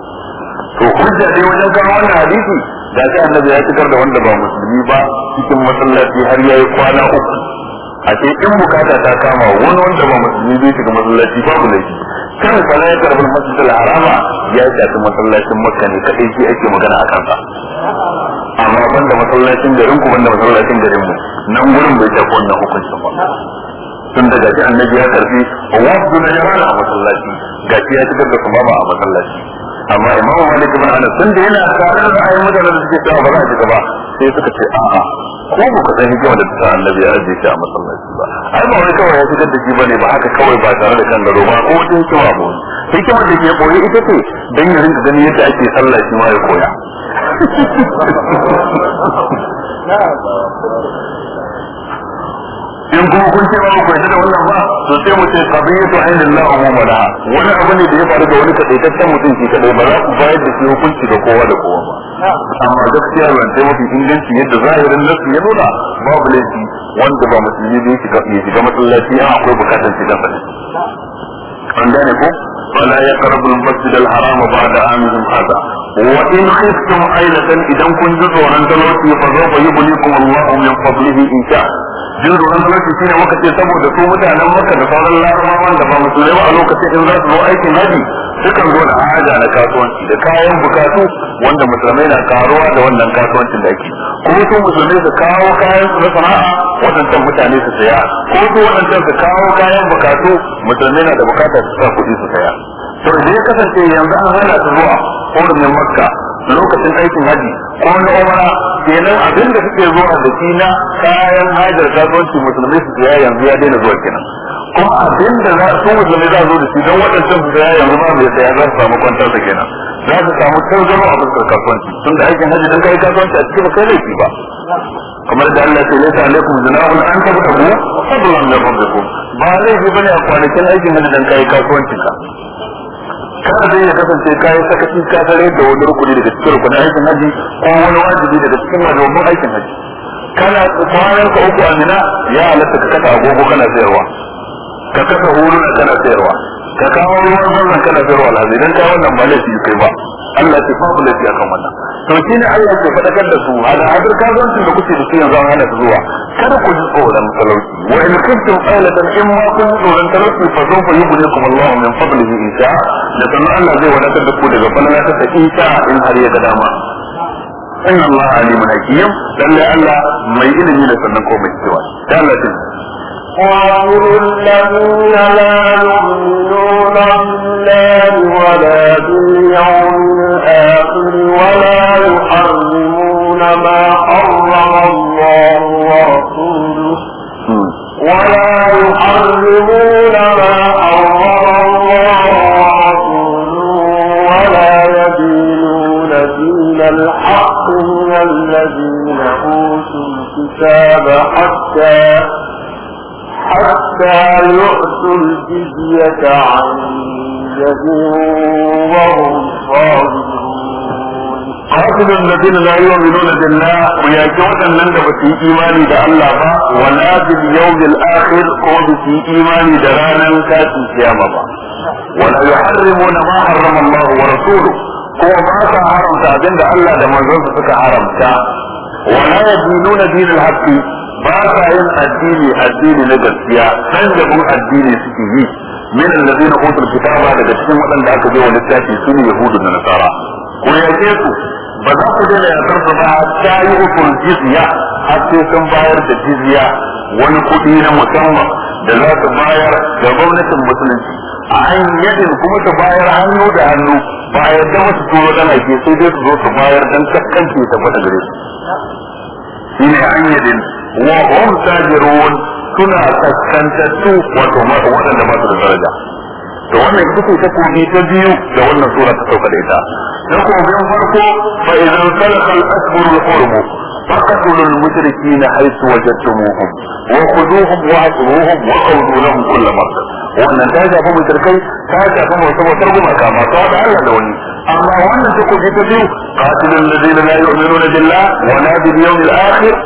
to hujja dai wajen kawo wannan hadisi da sai annabi ya fitar da wanda ba musulmi ba cikin masallaci har yayi kwana uku a ce in bukata ta kama wani wanda ba musulmi zai shiga masallaci babu laifi kan fara ya karbi masallacin al-harama ya shafi masallacin makka ne kadai shi ake magana a kansa amma banda masallacin garin ku banda masallacin garin mu nan gurin bai shafi wannan hukuncin ba tun da gaji annabi ya karbi wabdu na jama'a a masallaci gaji ya shigar da kumama a masallaci amma imamu malik ibn anas tun da yana tare da ayyukan mutanen da suke cewa ba za a shiga ba sai suka ce a'a ko ba ka san hikima da ta annabi ya ajiye shi a masallaci ba ai ba wai kawai ya shigar da shi bane ba haka kawai ba tare da kan garo ba ko wata hikima ba wani hikimar da ke koyi ita ce dan ya rinka gani yadda ake sallah shi ma ya koya in kuma kun ce ba ku yarda da wannan ba to sai mu ce qadiyatu ainihin Allah umuma mana. wani abu ne da ya faru da wani kadaitaccen mutum shi kadai ba za ku bayar da shi hukunci ga kowa da kowa ba amma gaskiya zance mafi inganci yadda zahirin nasu ya nuna babu laifi wanda ba musulmi ne shiga ya shiga masallaci a akwai bukatar shiga sa an gane ko فلا يقرب المسجد الحرام بعد عامهم هذا وإن خفتم عيلة إذا كنت تزورا تلوتي فسوف يبليكم الله من فضله إن شاء jin tsoron talauci shine muka ce saboda su mutanen maka da sauran larabawan da ba musulmai ba a lokacin in za su zo aikin haji sukan zo da haja na kasuwanci da kayan bukatu wanda musulmai na karuwa da wannan kasuwancin da ake kuma su musulmai su kawo kayan su na sana'a waɗancan mutane su saya ko su waɗancan su kawo kayan bukatu musulmai na da bukatar su sa kuɗi su saya to da ya kasance yanzu an hana su zuwa hurumin makka lokacin aikin haji wani umara kenan abin da suke zuwa da shi na kayan hajar kasuwanci musulmi su siya yanzu ya daina zuwa kenan kuma abin da za su musulmi za zo da shi don waɗancan su siya yanzu ma bai saya za su samu kwantar da kenan za su samu can zama a fuskar kasuwanci tun da aikin hajji don kai kasuwanci a cikin kai laifi ba kamar da Allah ya ce laisa alaikum zinahun an tabbata ku fadlan min rabbikum ba laifi bane a kwanakin aikin hajji don kai kasuwanci ka kada dai ya kasance kayan sakaci ka tare da wani rukuni daga cikin rukunin aikin haji ko wani wajibi daga cikin wajibin aikin haji kana kwanan ka uku amina ya halatta ka kasa agogo kana sayarwa ka kasa huluna kana sayarwa ka kawo ruwan wannan kana zaro alhazi dan ka wannan ba laifi kai ba Allah ce babu laifi akan wannan to shi ne Allah ke fadakar da su ala hadar kazancin da kuke da su yanzu an hana su zuwa kada ku ji tsoron talauci wa in kuntum qailatan in ma kun tsoron talauci fa zo fa yughnikum Allah min fadlihi insha da sanan Allah zai wadatar da ku daga fadlan ta insha in har ya ga dama in Allah alimun hakim lalle Allah mai ilimi ne sannan ko mai cewa Allah قاتل الذين لا يؤمنون بالله ولا باليوم الآخر ولا يحرمون ما حرم الله ورسوله ولا يحرمون ما حرم الله ورسوله ولا يدينون دين الحق من الذين أوتوا الكتاب حتى حتى يؤتوا الجزية عن يد وهم صاغرون قاتل الذين لا يؤمنون بالله ويأتي وأن في إيمان الله والآخر يوم باليوم الآخر وفي إيمان ده رانا كاتي سيامة ولا يحرمون ما حرم الله ورسوله هو ما كان حرمت عند الله لما منزل فكا حرمتا ولا يدينون دين الحق ba sa yin addini addini na gaskiya san da mun addini suke yi min alladhina utul kitaba daga cikin waɗanda aka je wa littafi su ne yahudu da nasara ko ya ce ba za ku daina yasar ba ta yi utul jizya har sai sun bayar da jizya wani kuɗi na musamman da za su bayar da gwamnatin musulunci a hanyar kuma ta bayar hannu da hannu ba a yarda wasu turo dan ke sai dai su zo su bayar dan kakkanci ta fata gare su shine hanyar وهم تاجرون كنا تسكنتسو وتما وانا ما تدرجا وانا يكتو تكو في تجيو لون سورة تتوك ليتا نقوم بانفرقو فإذا انطلق الاسبر الحرم فقتلوا المشركين حيث وجدتموهم وخذوهم وعزموهم وخذوا لهم كل مرة وانا تاجع فهم تركي تاجع فهم وسوى ترغم كما قال على لوني اما وانا تكو في تجيو قاتلوا الذين لا يؤمنون بالله ولا باليوم الآخر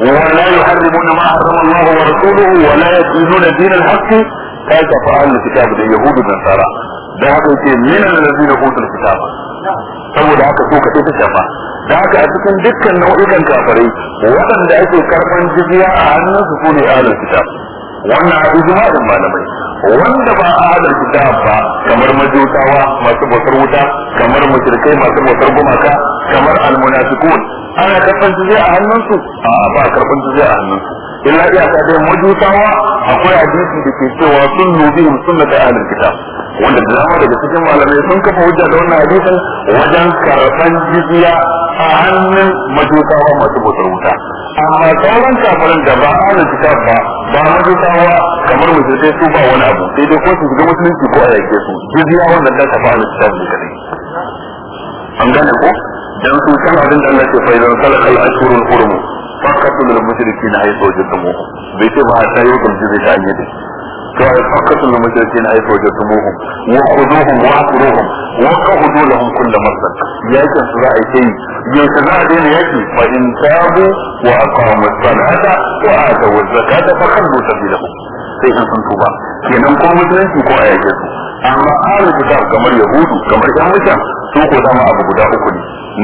ولا يحرمون ما حرم الله ورسوله ولا يدينون دين الحق هذا فعل الكتاب اليهود والنصارى ده من الذين اوتوا الكتاب saboda haka so ka ta shafa da haka a cikin dukkan nau'ikan kafirai waɗanda ake karɓar jizya a hannun su ne ahlul kitab wannan ijma'in malamai wanda ba a hadar kitab ba kamar majusawa masu bautar wuta kamar mushrikai masu bautar gumaka kamar almunafiqun ana karban jiya a hannunsu a ba karban jiya a hannunsu illa iya ta dai majusawa akwai hadisi da ke cewa sun nubihim sunnata ahlul kitab wanda da dama daga cikin malamai sun kafa hujja da wannan hadisin wajen karban jiziya a hannun majusawa masu bautar wuta amma sauran kafirin da ba a kitab ba ba majusawa kamar musulmai su ba wani abu sai dai ko su shiga musulunci ko a yake su jizya wannan da kafa a kitab ne kadai an gane ko dan su san abin da Allah ke fa'idan salakal ashurul hurum faqatul mushrikeena haythu wajadtumuhum bai ce ba ta yi kun jizya ta yi فأكثر من مجلسين أي فوجدتموهم وخذوهم وأكروهم وقعدوا لهم كل مرضك يا سراء الدين يا سراء الدين يأتي فإن تابوا وأقاموا الصلاة وآتوا الزكاة فخلوا سبيلهم سيحن سنتوبا في نمكم مجلسين كو أيجاتوا أما آل الفتاة كما يهودوا كما يهودوا سوقوا دعما أبو بداء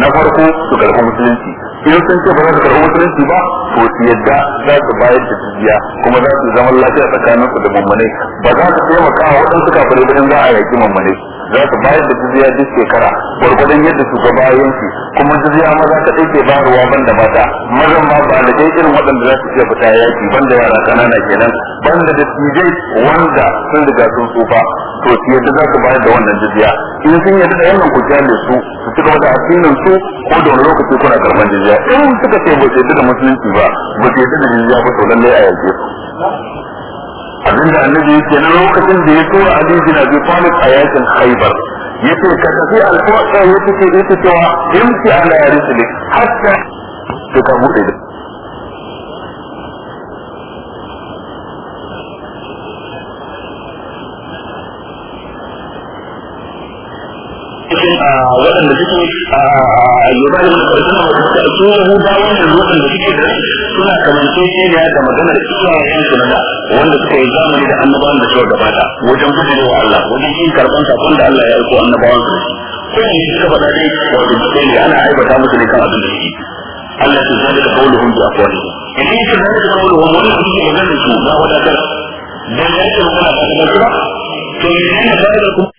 نفرقوا سوقوا مجلسين in sun ce ba za su karɓi musulunci ba to yadda za su bayar da jizya kuma za su zama lafiya tsakaninsu da mummunai ba za su taimaka wa waɗansu kafirai ba in za a yaƙi mummunai za su bayar da jizya duk shekara gwargwadon yadda su gaba yanki kuma jizya za ka ɗauke bayarwa ban da mata mazan ma ba da dai irin waɗanda za su iya fita yaki ban da yara ƙanana kenan ban da dattijai wanda sun riga sun tsufa to su yadda za su bayar da wannan jizya in sun yadda da yannan ku kyale su su ci wata da su ko da wani lokaci kuna karɓar jizya in suka ce ba su yadda da musulunci ba ba su yadda da jizya ba to lallai a yanke su abinda annabi yake na lokacin da ya tura Ali bin Abi Talib a yakin Khaybar yace ka tafi al-Qur'an yace yace cewa imti ala rislik hatta ka bude cikin ah, waɗanda suke yoba da suka suna wata su yahudawa ne suke da suna kamance shi ne da maganar a su na wanda suka yi zamani da annabawan da suka gabata wajen gudunawa Allah wajen yin karɓan sakon da Allah ya aiko annabawan su kowane shi suka faɗa dai wato da ne ana aibata musu ne kan abin da suke Allah su zai da kauluhun bi akwani in yi su da kauluhun wani da suke maganar su ba wadatar dan ya magana ba da ba to ne da kuma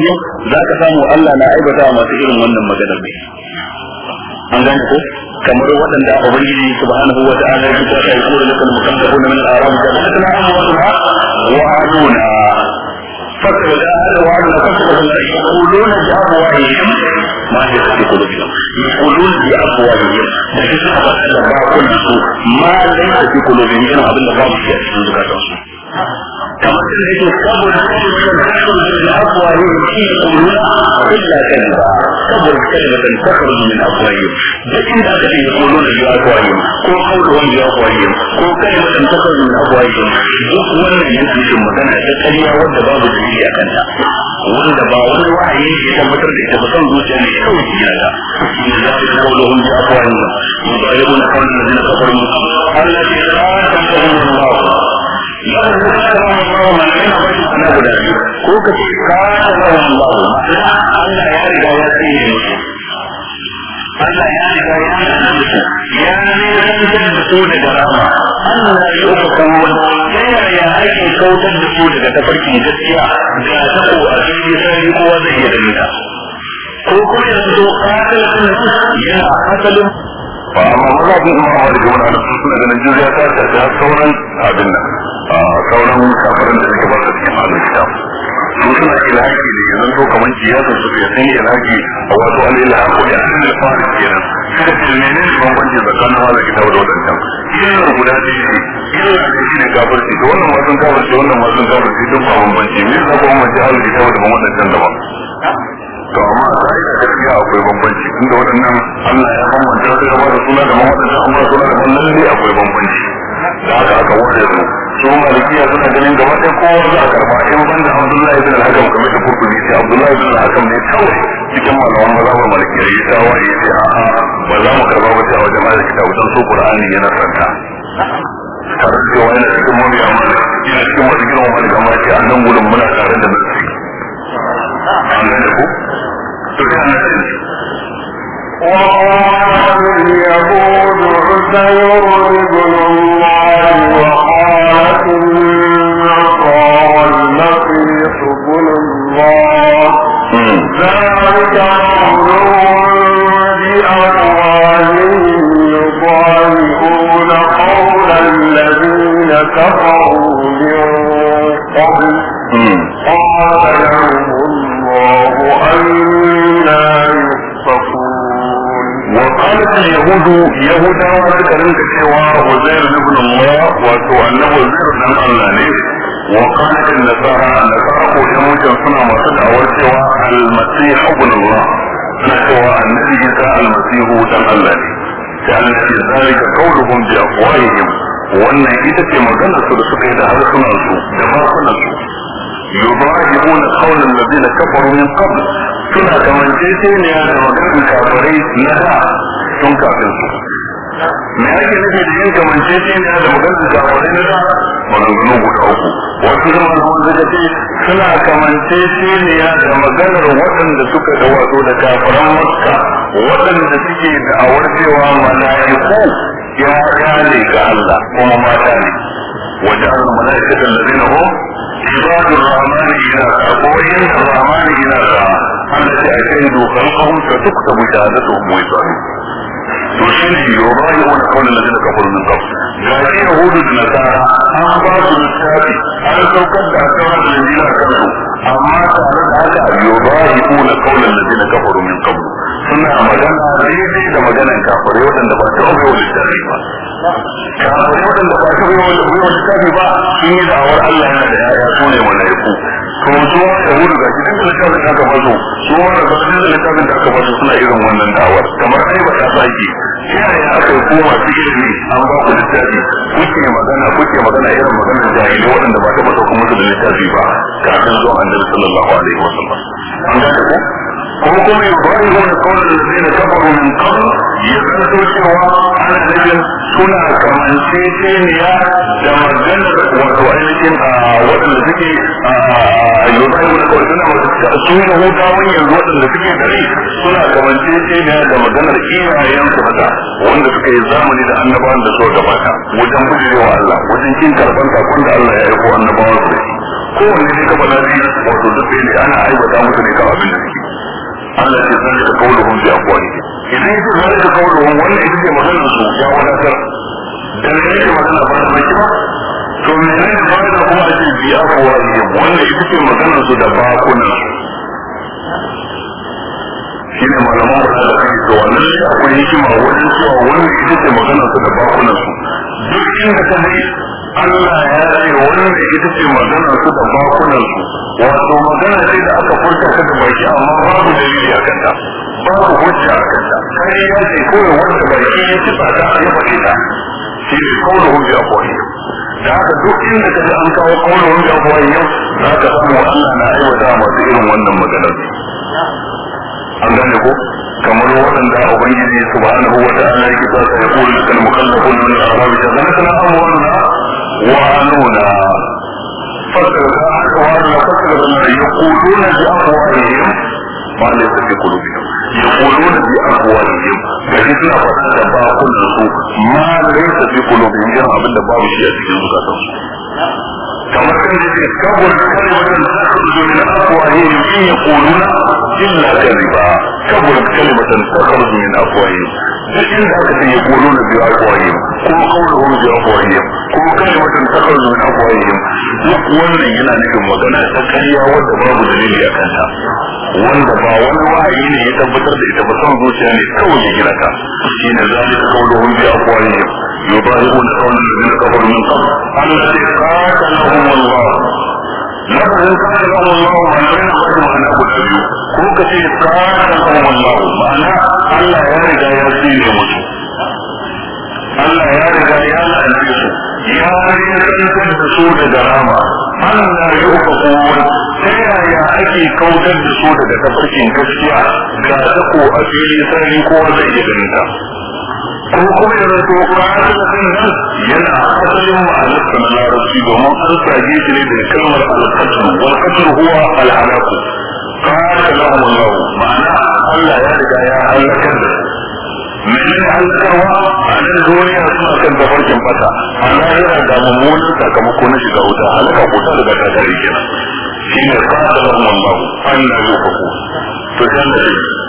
biyu za ka samu Allah na aibata wa masu irin wannan magana ne an gane ko kamar waɗanda ubangiji subhanahu wa ta'ala ya kuka sai ko da kuma kanta gabo min al'aram da kuma Allah wa aduna fakru da Allah wa aduna fakru da yaquluna bi afwahihim ma laysa fi qulubihim yaquluna bi afwahihim da kisa ba da ba kullu ma laysa fi qulubihim abin da ba su cikin zukatansu kamar sun yake saboda cikin kasan da akwai ne shi kuma illa kan ba saboda kalmatan takar min abuwaye duk inda aka ce ya da ya abuwaye ko kaudawan ya abuwaye ko kalmatan takar min abuwaye duk wannan yana cikin magana ta kariya wanda babu dalili a kanta wanda ba wani wahayi ya tabbatar da ita ba kan zuciya ne kawai ke yana da za su kaudawan ya abuwaye ba ya yi wani da kafar musu Allah ya ta tabbatar da Allah lahu ta'ala Allah ma yana bashi guda biyu ko ka ce ka ta'ala Allah Allah ya riga ya tsine Allah ya riga ya tsine ya ne da su Allah ya uku ta yaya ake kautar da su daga tafarkin gaskiya ga tako a cikin sai kowa zai iya dalila ko kuma yanzu katil yana asalin ba amma maza bin umar da jama'a da su suna ganin juriya ta ta sauran abin nan sauran kafirin da suke basu cikin alin kitab su suna ilhaki ne yanzu to kamar kiyasa su ya san ilhaki a wasu wato alilhaq wa yasin al-farid kenan suka ce menene bambanci tsakanin wannan kitab da wadancan illar guda ce illa da shi ne kafirci da wannan wasan kafirci wannan wasan kafirci duk ba za me yasa bambanci alin kitab da wadancan da ba to amma a da gaskiya akwai bambanci inda waɗannan Allah ya bambanta su da ba da suna da ma waɗannan amma suna da lalle akwai bambanci da haka aka ware su su malikiya suna ganin gaba ɗaya kowa za a karɓa in ban da abdullahi ibn al-hakam kamar da kurkuri sai abdullahi ibn al-hakam ne kawai cikin malaman mazhabar malikiya ya ta waye ya ce a'a ba za mu karɓa ba ta wajen maliki ta wutan so qur'ani yana santa tare da cewa yana cikin mawuyi amma yana cikin masu girma maliki amma ce a nan gudun muna tare da nasi an gane ko to sai an nasi وقالت اليهود عزير ابن الله وقالت النصارى المسيح ابن الله ذلك قولهم بأفواههم يضاهئون قول الذين كفروا من قبل قال وقالت اليهود يهودا وذلك رنك إيه سوى وزير ابن الله واتو انه وزير ابن الله ليه وقالت النصارى النصارى هو يموت سنة ما تدعوا سوى المسيح ابن الله سوى النبي جاء المسيح ابن الله كان في ذلك قولهم بأفواههم وأن إذا مجنة سبسكة إذا هذا سنة السوء يضاهئون قول الذين كفروا من قبل suna kamanceceniya da maganin kafirai na da sun kafin su me ake nufi da yin kamanceceniya da maganin kafirai na da maganganu guda uku wasu zama da wanda suka ce suna kamanceceniya da maganar waɗanda suka da wato da kafiran wasu waɗanda suke da awar cewa mala'iku ya ne ga Allah kuma mata ne wajen malaikatan da zina عباد الرحمن إناثا وإن الرحمن إناثا التي أشهدوا خلقهم فتكتب شهادتهم ويسألون تشهد يضايعون قول الذين كفروا من قبل جاء يهود النصارى أن بعض الكتاب أن توكل أكثر الذين كفروا أما تعرف هذا يضايعون قول الذين كفروا من قبل suna magana daidai da maganan kafirai waɗanda ba ta rubuwa littafi ba kafirai waɗanda ba ta rubuwa littafi ba sun yi da'awar Allah yana da yaya su ne malaiku to su ma da wuri ga shi duk littafin da aka bazo su ma da basu duk littafin da aka bazo suna irin wannan da'awar kamar ai ba ta sake yaya aka yi koma su ilimi an ba ku littafi kuke magana kuke magana irin maganar jahili waɗanda ba ta bazo kuma su da littafi ba kafin zuwa annabi sallallahu alaihi wasallam an gane ko وكم يبرئون قول الذين كفروا من قبل يبدو سوى على نجم سنة كمان سيتين يا جمجن وتوعيلكم وطن لسكي يبرئون قول سنة سنة هو داون يلوطن لسكي دليل سنة كمان سيتين يا جمجن الإيوة ينسو هذا wanda suka yi zamani da annabawan da suka gabata wajen gujewa Allah wajen kin karban sakon da Allah ya aiko annabawan su da shi kowanne ne ka faɗa wato duk ana aibata musu ne Allah ce zan da kauluhum bi aqwalihim idan yake zan da kauluhum wannan ita ce maganar su ya wadatar dan ne ke magana ba ta ba to me ne ba da kuma ake bi aqwalihim wannan ita ce magana su da bakunan su shine malaman da suka kai to wannan akwai hikima wajen cewa wannan ita ce maganar su da bakunan su duk inda ta ne Allah ya ce wannan da ita ce magana su da bakunan su wato magana ce da aka furta ta da baki amma babu dalili a kanta babu hujja a kanta Sai ya ce kawai wanda baki ya ci fata yi faɗi ta shi ne kawai hujja a koyi da haka duk inda ka ji an kawo kawai hujja a koyi yau za ka samu Allah na aiwata masu irin wannan maganar an gane ko kamar waɗanda ubangiji subhanahu wa ta'ala yake ba sa yaqulu kal mukallafun ta. al-arabi tazalna amwaluna وعنونا وعنونا فكر يقولون بأفواههم ما ليس في قلوبهم يقولون بأفواههم فإذا فقد باقل ما ليس في قلوبهم يرى من باب الشيء في المكاتب كما كان يتكون كلمة تخرج من أفواههم إن يقولون إلا كذبا كبرت كلمة تخرج من أفواههم لكن هكذا يقولون بأفواههم كل قولهم بأفواههم كل كلمة تخرج من أفواههم duk wannan yana nufin magana ta kariya wanda babu dalili a kanta wanda ba wani wa'ayi ne ya tabbatar da ita ba son zuciya ne kawai ya gina ta shine zalika qawluhum bi afwahihim yudahiquna qawla alladhina kafaru min qabl التي قاتلهم الله لفظ قاتلهم الله معناه غير معنى كل شيء ko ka ce qatalahum Allah ma'ana Allah ya riga ya tsine musu Allah ya riga ya lalace su ya rinka da su daga rama Allah ya ufaku ta yaya ake kautar da su daga tafarkin gaskiya ga ta ko a fili sai kowa zai iya ganin ta ko kuma ya rato kwanan sun nan yana asalin ma'anarsa na larabci domin an sage shi ne da kalmar alkatun wal katun huwa al'alaku kana lahum Allah ma'ana Allah ya riga ya halakar da menene halakarwa a nan duniya suna kan tafarkin fata amma yana da mummunan sakamako na shiga wuta halaka ko ta daga kakari kenan ne kana lahum Allah an na yi yufaku to sai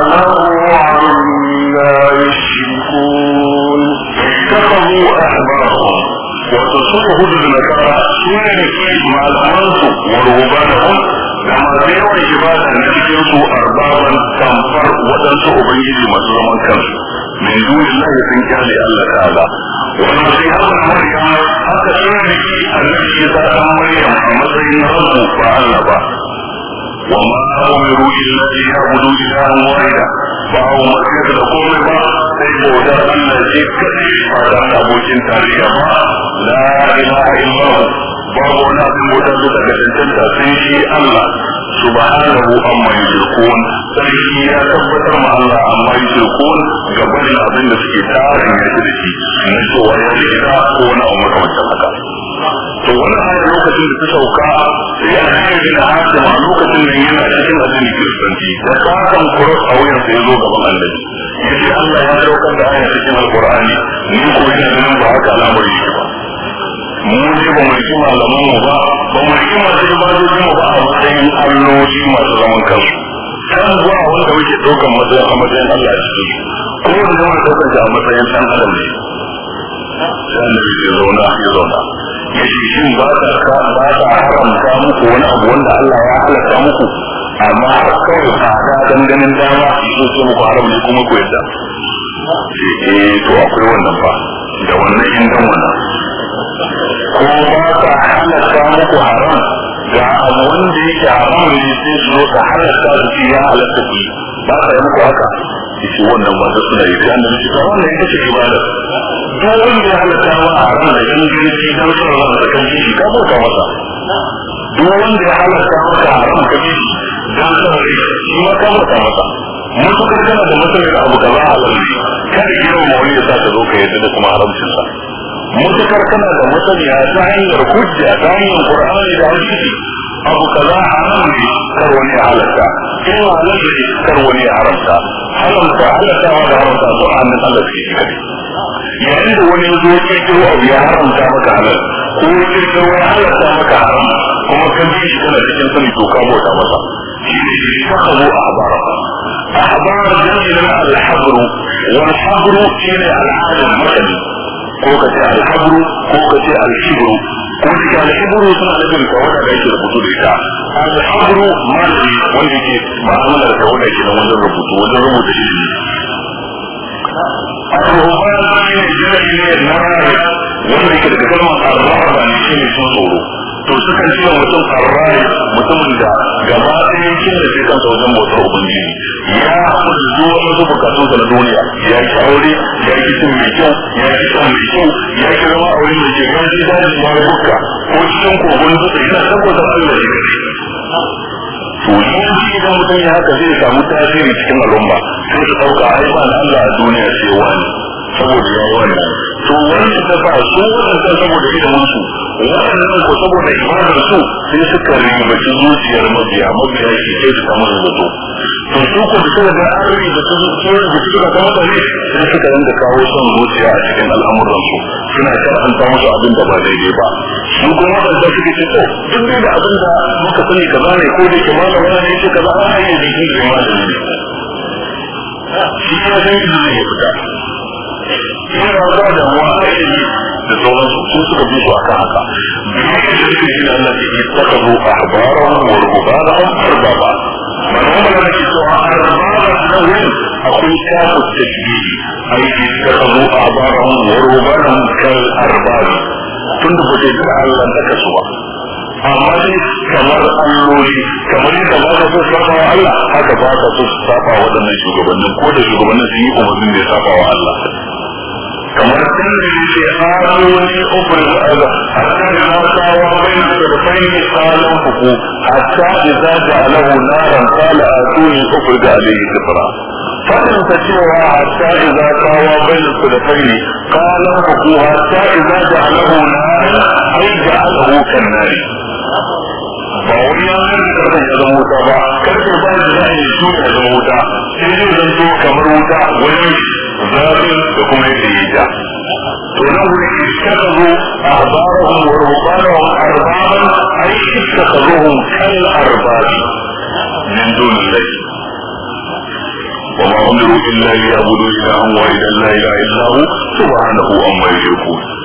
اليهود والنصارى سنة لكي مع الأمانس ورهبانهم كما ديوان شبادا نتكين سوء أربابا تنفر ودنسوا أبنجي masu zaman kansu من دون الله تنكال الله تعالى وأنا في هذا مريم حتى سنك الذي يتعلم مريم ومسين ربه فعل به وما أمروا إلا ليعبدوا إلها واحدا ba a umarce su da komai ba sai bautar Allah shi kadai ba da abokin tarihi ba la ilaha illallah babu wani abin bautar su daga sai shi Allah subhanahu amma yushrikun sarki ya tabbatar ma Allah amma yushrikun ga barin abin da suke tarin ya da shi na cewa ya rika ko wani abu makamancin haka to lokacin da ta sauka sai an yi bin hakim a lokacin nan yana cikin addinin kiristanci da kakan kuros a wuyan sai zo gaban annabi yace Allah ya daukar da ayar cikin alqur'ani ni ko ina ganin ba haka al'amari yake ba Mun ne ba mu riki malaman mu ba ba mu riki masu ibadojin mu ba a matsayin alloji masu zaman kansu kan zuwa wanda muke ɗaukan matsayin a matsayin Allah ya ci ko wanda zama ta shi a matsayin ɗan adam ne sai annabi ya zauna ya zauna ya shi shin ba ta sa ba ta haramta muku wani abu wanda Allah ya halatta muku amma kawai tsada dan ganin dama su ce muku haram ne kuma ku yadda eh to akwai wannan ba. da wannan in dan wannan ko ba ka halatta muku haram ga abu wanda yake haram ne sai su zo ka halatta su ci ya halatta ku ba ka yi muku haka shi wannan ba su suna yi ta annabi shi ta wannan ita ba da. duk wanda ya halatta wa haram da kin ji shi dan sallah da kan shi ka bauta masa duk wanda ya halatta wa haram ka bi dan sallah shi ma ka bauta masa mutukar kana da matsalar abu kaza a wani kada girma wani ya sa ka zo ka yadda da kuma haramcinsa. mutakar kana da masaniya ta hanyar hujja ta hanyar qur'ani da hadisi abu kaza haram ne kar wani halatta in halal ne kar wani haramta haramta halatta ma da haramta to annan Allah ke shi kadai yayin da wani zo ya kiro abu ya haramta maka halal ko ya kiro ya halatta maka haram kuma kan bi shi kana cikin sani to ka bauta masa اتخذوا احبارا احبار جمع الحبر والحبر الى العالم مثلي ko ka ce alhabru ko ka ce alshibru ko ka ce alshibru suna da bin tawada da yake rubutu da ita alhabru malami wanda yake ma'amala da tawada yake nan wajen rubutu wajen rubuta shi Al-Ruhban shi ne jirage ne na wanda yake daga kalmar al-Rahman shi ne sun tsoro. to sukan ce wa mutum arrai mutum da gaba ɗaya yakin da sai kansa wajen bautar ubangiji ya haɗu da wasu bukatun sa na duniya ya ki aure ya ki cin mai kyau ya ki shan mai kyau ya ki zama aure mai kyau ya ki zama ya bukka ko cikin kogon zuwa yana tabbatar Allah ya to yanzu idan mutum ya haka zai samu tasiri cikin al'umma sai su ɗauka ai ba Allah a duniya ce wani saboda ya yi to wani ta ba su wannan saboda ilimin su wannan ko saboda ibadar su sai suka ribaci zuciyar mabiya mabiya shi sai su kamar zato to su ko suka ga da ribaci zuciyar da suka kamar da ne sai suka rinka kawo son zuciya a cikin al'amuran su suna karanta musu abin da ba daidai ba su kuma wadanda suke ce to oh, duk da abin da muka sani kaza ne ko da ke ma kaza ne ce kaza ana yin jikin da ma da ne shi ya zai yi ya fita yana da damuwa a ilimi da sauransu su suka bi su akan haka duk da yake Allah ke saka zo a habaran ba rubara an arba ba manoma da ke so a arba da wani akwai kafin tajbiri ai ke saka zo a habaran wa rubara kal arba tun da kuke da Allah da kasuwa amma dai kamar alloli kamar yadda ba ka so saba wa Allah haka ba ka so saba waɗannan shugabannin ko da shugabannin sun yi umarnin da ya saba wa Allah kamar sun da yake haru wani ofin al'ada hatta da mata wa bayan sarfai ne tsarin huku hatta da za ta alahu naran kala a tuni ofin da alayhi sifira fadin ta cewa hatta idza kawa bayan sarfai ne kala huku hatta idza ta alahu naran ai da alahu kan nari ba wani ya zai karfin ya zama wuta ba karfin ba da za a yi su ya zama wuta sai zai zanto kamar wuta wani جابر وكما يجيجا ولو اتخذوا أحبارهم ورهبانهم أربابا أي اتخذوهم كالأرباب من دون الله وما أمروا إلا ليعبدوا إلها واحدا لا إله إلا هو سبحانه عما يشركون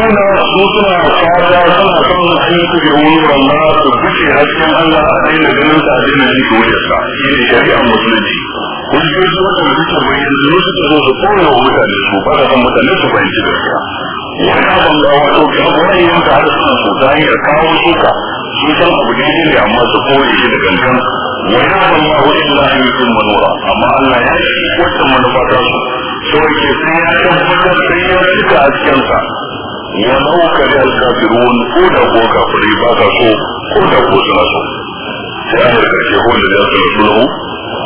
يرجون سوسنا فاتا سنا سن أن يتبعوا نور الله تبكي da الله أدين جنة أدين أنك وجهك إلى شريعة مسلمين hujjoji waɗanda suke bayyana su zo su koya wa mutane su ba da mutane su fahimci gaskiya wani abin da wato wani yanka har suna so ta hanyar kawo ka, sun san abu daidai ne amma su koya shi da gangan wani abin da wani illa an yi sun manora amma Allah ya yi wata manufa ta su sau ke yi ya tabbatar ya cika a ولو كره الكافرون كودا هو كافري بعد سو كودا هو سنا سو في آخر كرشي هو الذي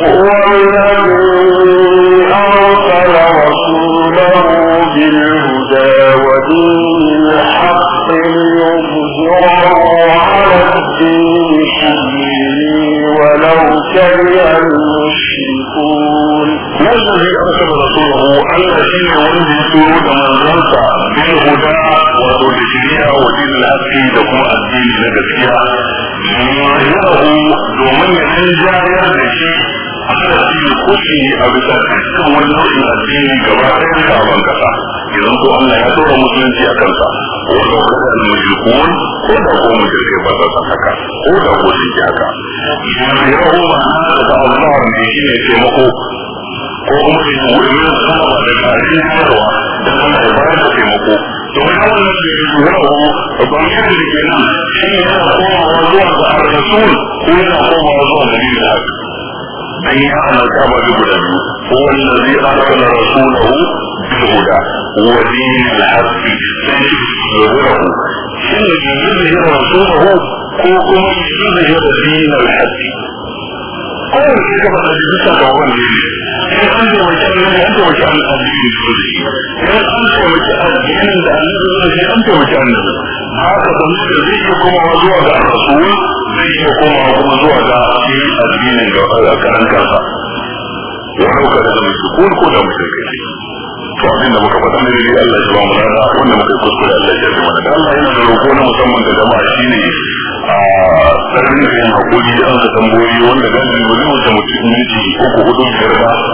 أرسل رسوله هو الذي أرسل رسوله بالهدى ودين الحق ليظهره على الدين كله ولو كره المشركون ما الذي أرسل رسوله الذي ولد يسوع من بالهدى wa dinin haske da kuma addini na gaskiya yahu domin ya san jariyar da shi a kan addini ko shi a bisa dukkan wani nau'in addini gaba ɗaya da sabon kasa idan ko Allah ya tura musulunci a kansa ko da ko da mushrikun ko da ko mushrikai ba za su haka ko da ko sun ki haka yahu ma da Allah ne shi ne taimako ko kuma shi ne wurin sama da kare yarwa da kuma ibada taimako domin wannan da ke wurawo domin da ke nan shi ne yana komawa zuwa ga ar-rasul ko yana komawa zuwa ga nabi da dan ya halaka ba da guda biyu ko wallazi arsala rasulahu bil huda wa dinil haqq sai yuhirahu shin da yuhirahu ko kuma yuhirahu dinil haqq kowane shi gaba da bisa ga wannan ne in an taimaki annabi an taimaki annabi da su da shi in an taimaki addinin da annabi da shi an taimaki annabi haka da mutum zai iya komawa zuwa ga rasul zai iya komawa kuma zuwa ga addinin da karan kansa wani ka da mutum ko da mutum kai to abinda muka faɗa ne dai Allah ya ba mu lada wanda muka kuskure Allah ya ji mana da Allah yana da roƙo na musamman da jama'a shine a tsarin da yin hakuri an da tamboyi wanda galibi ba zai wuce mutum minti uku hudu ba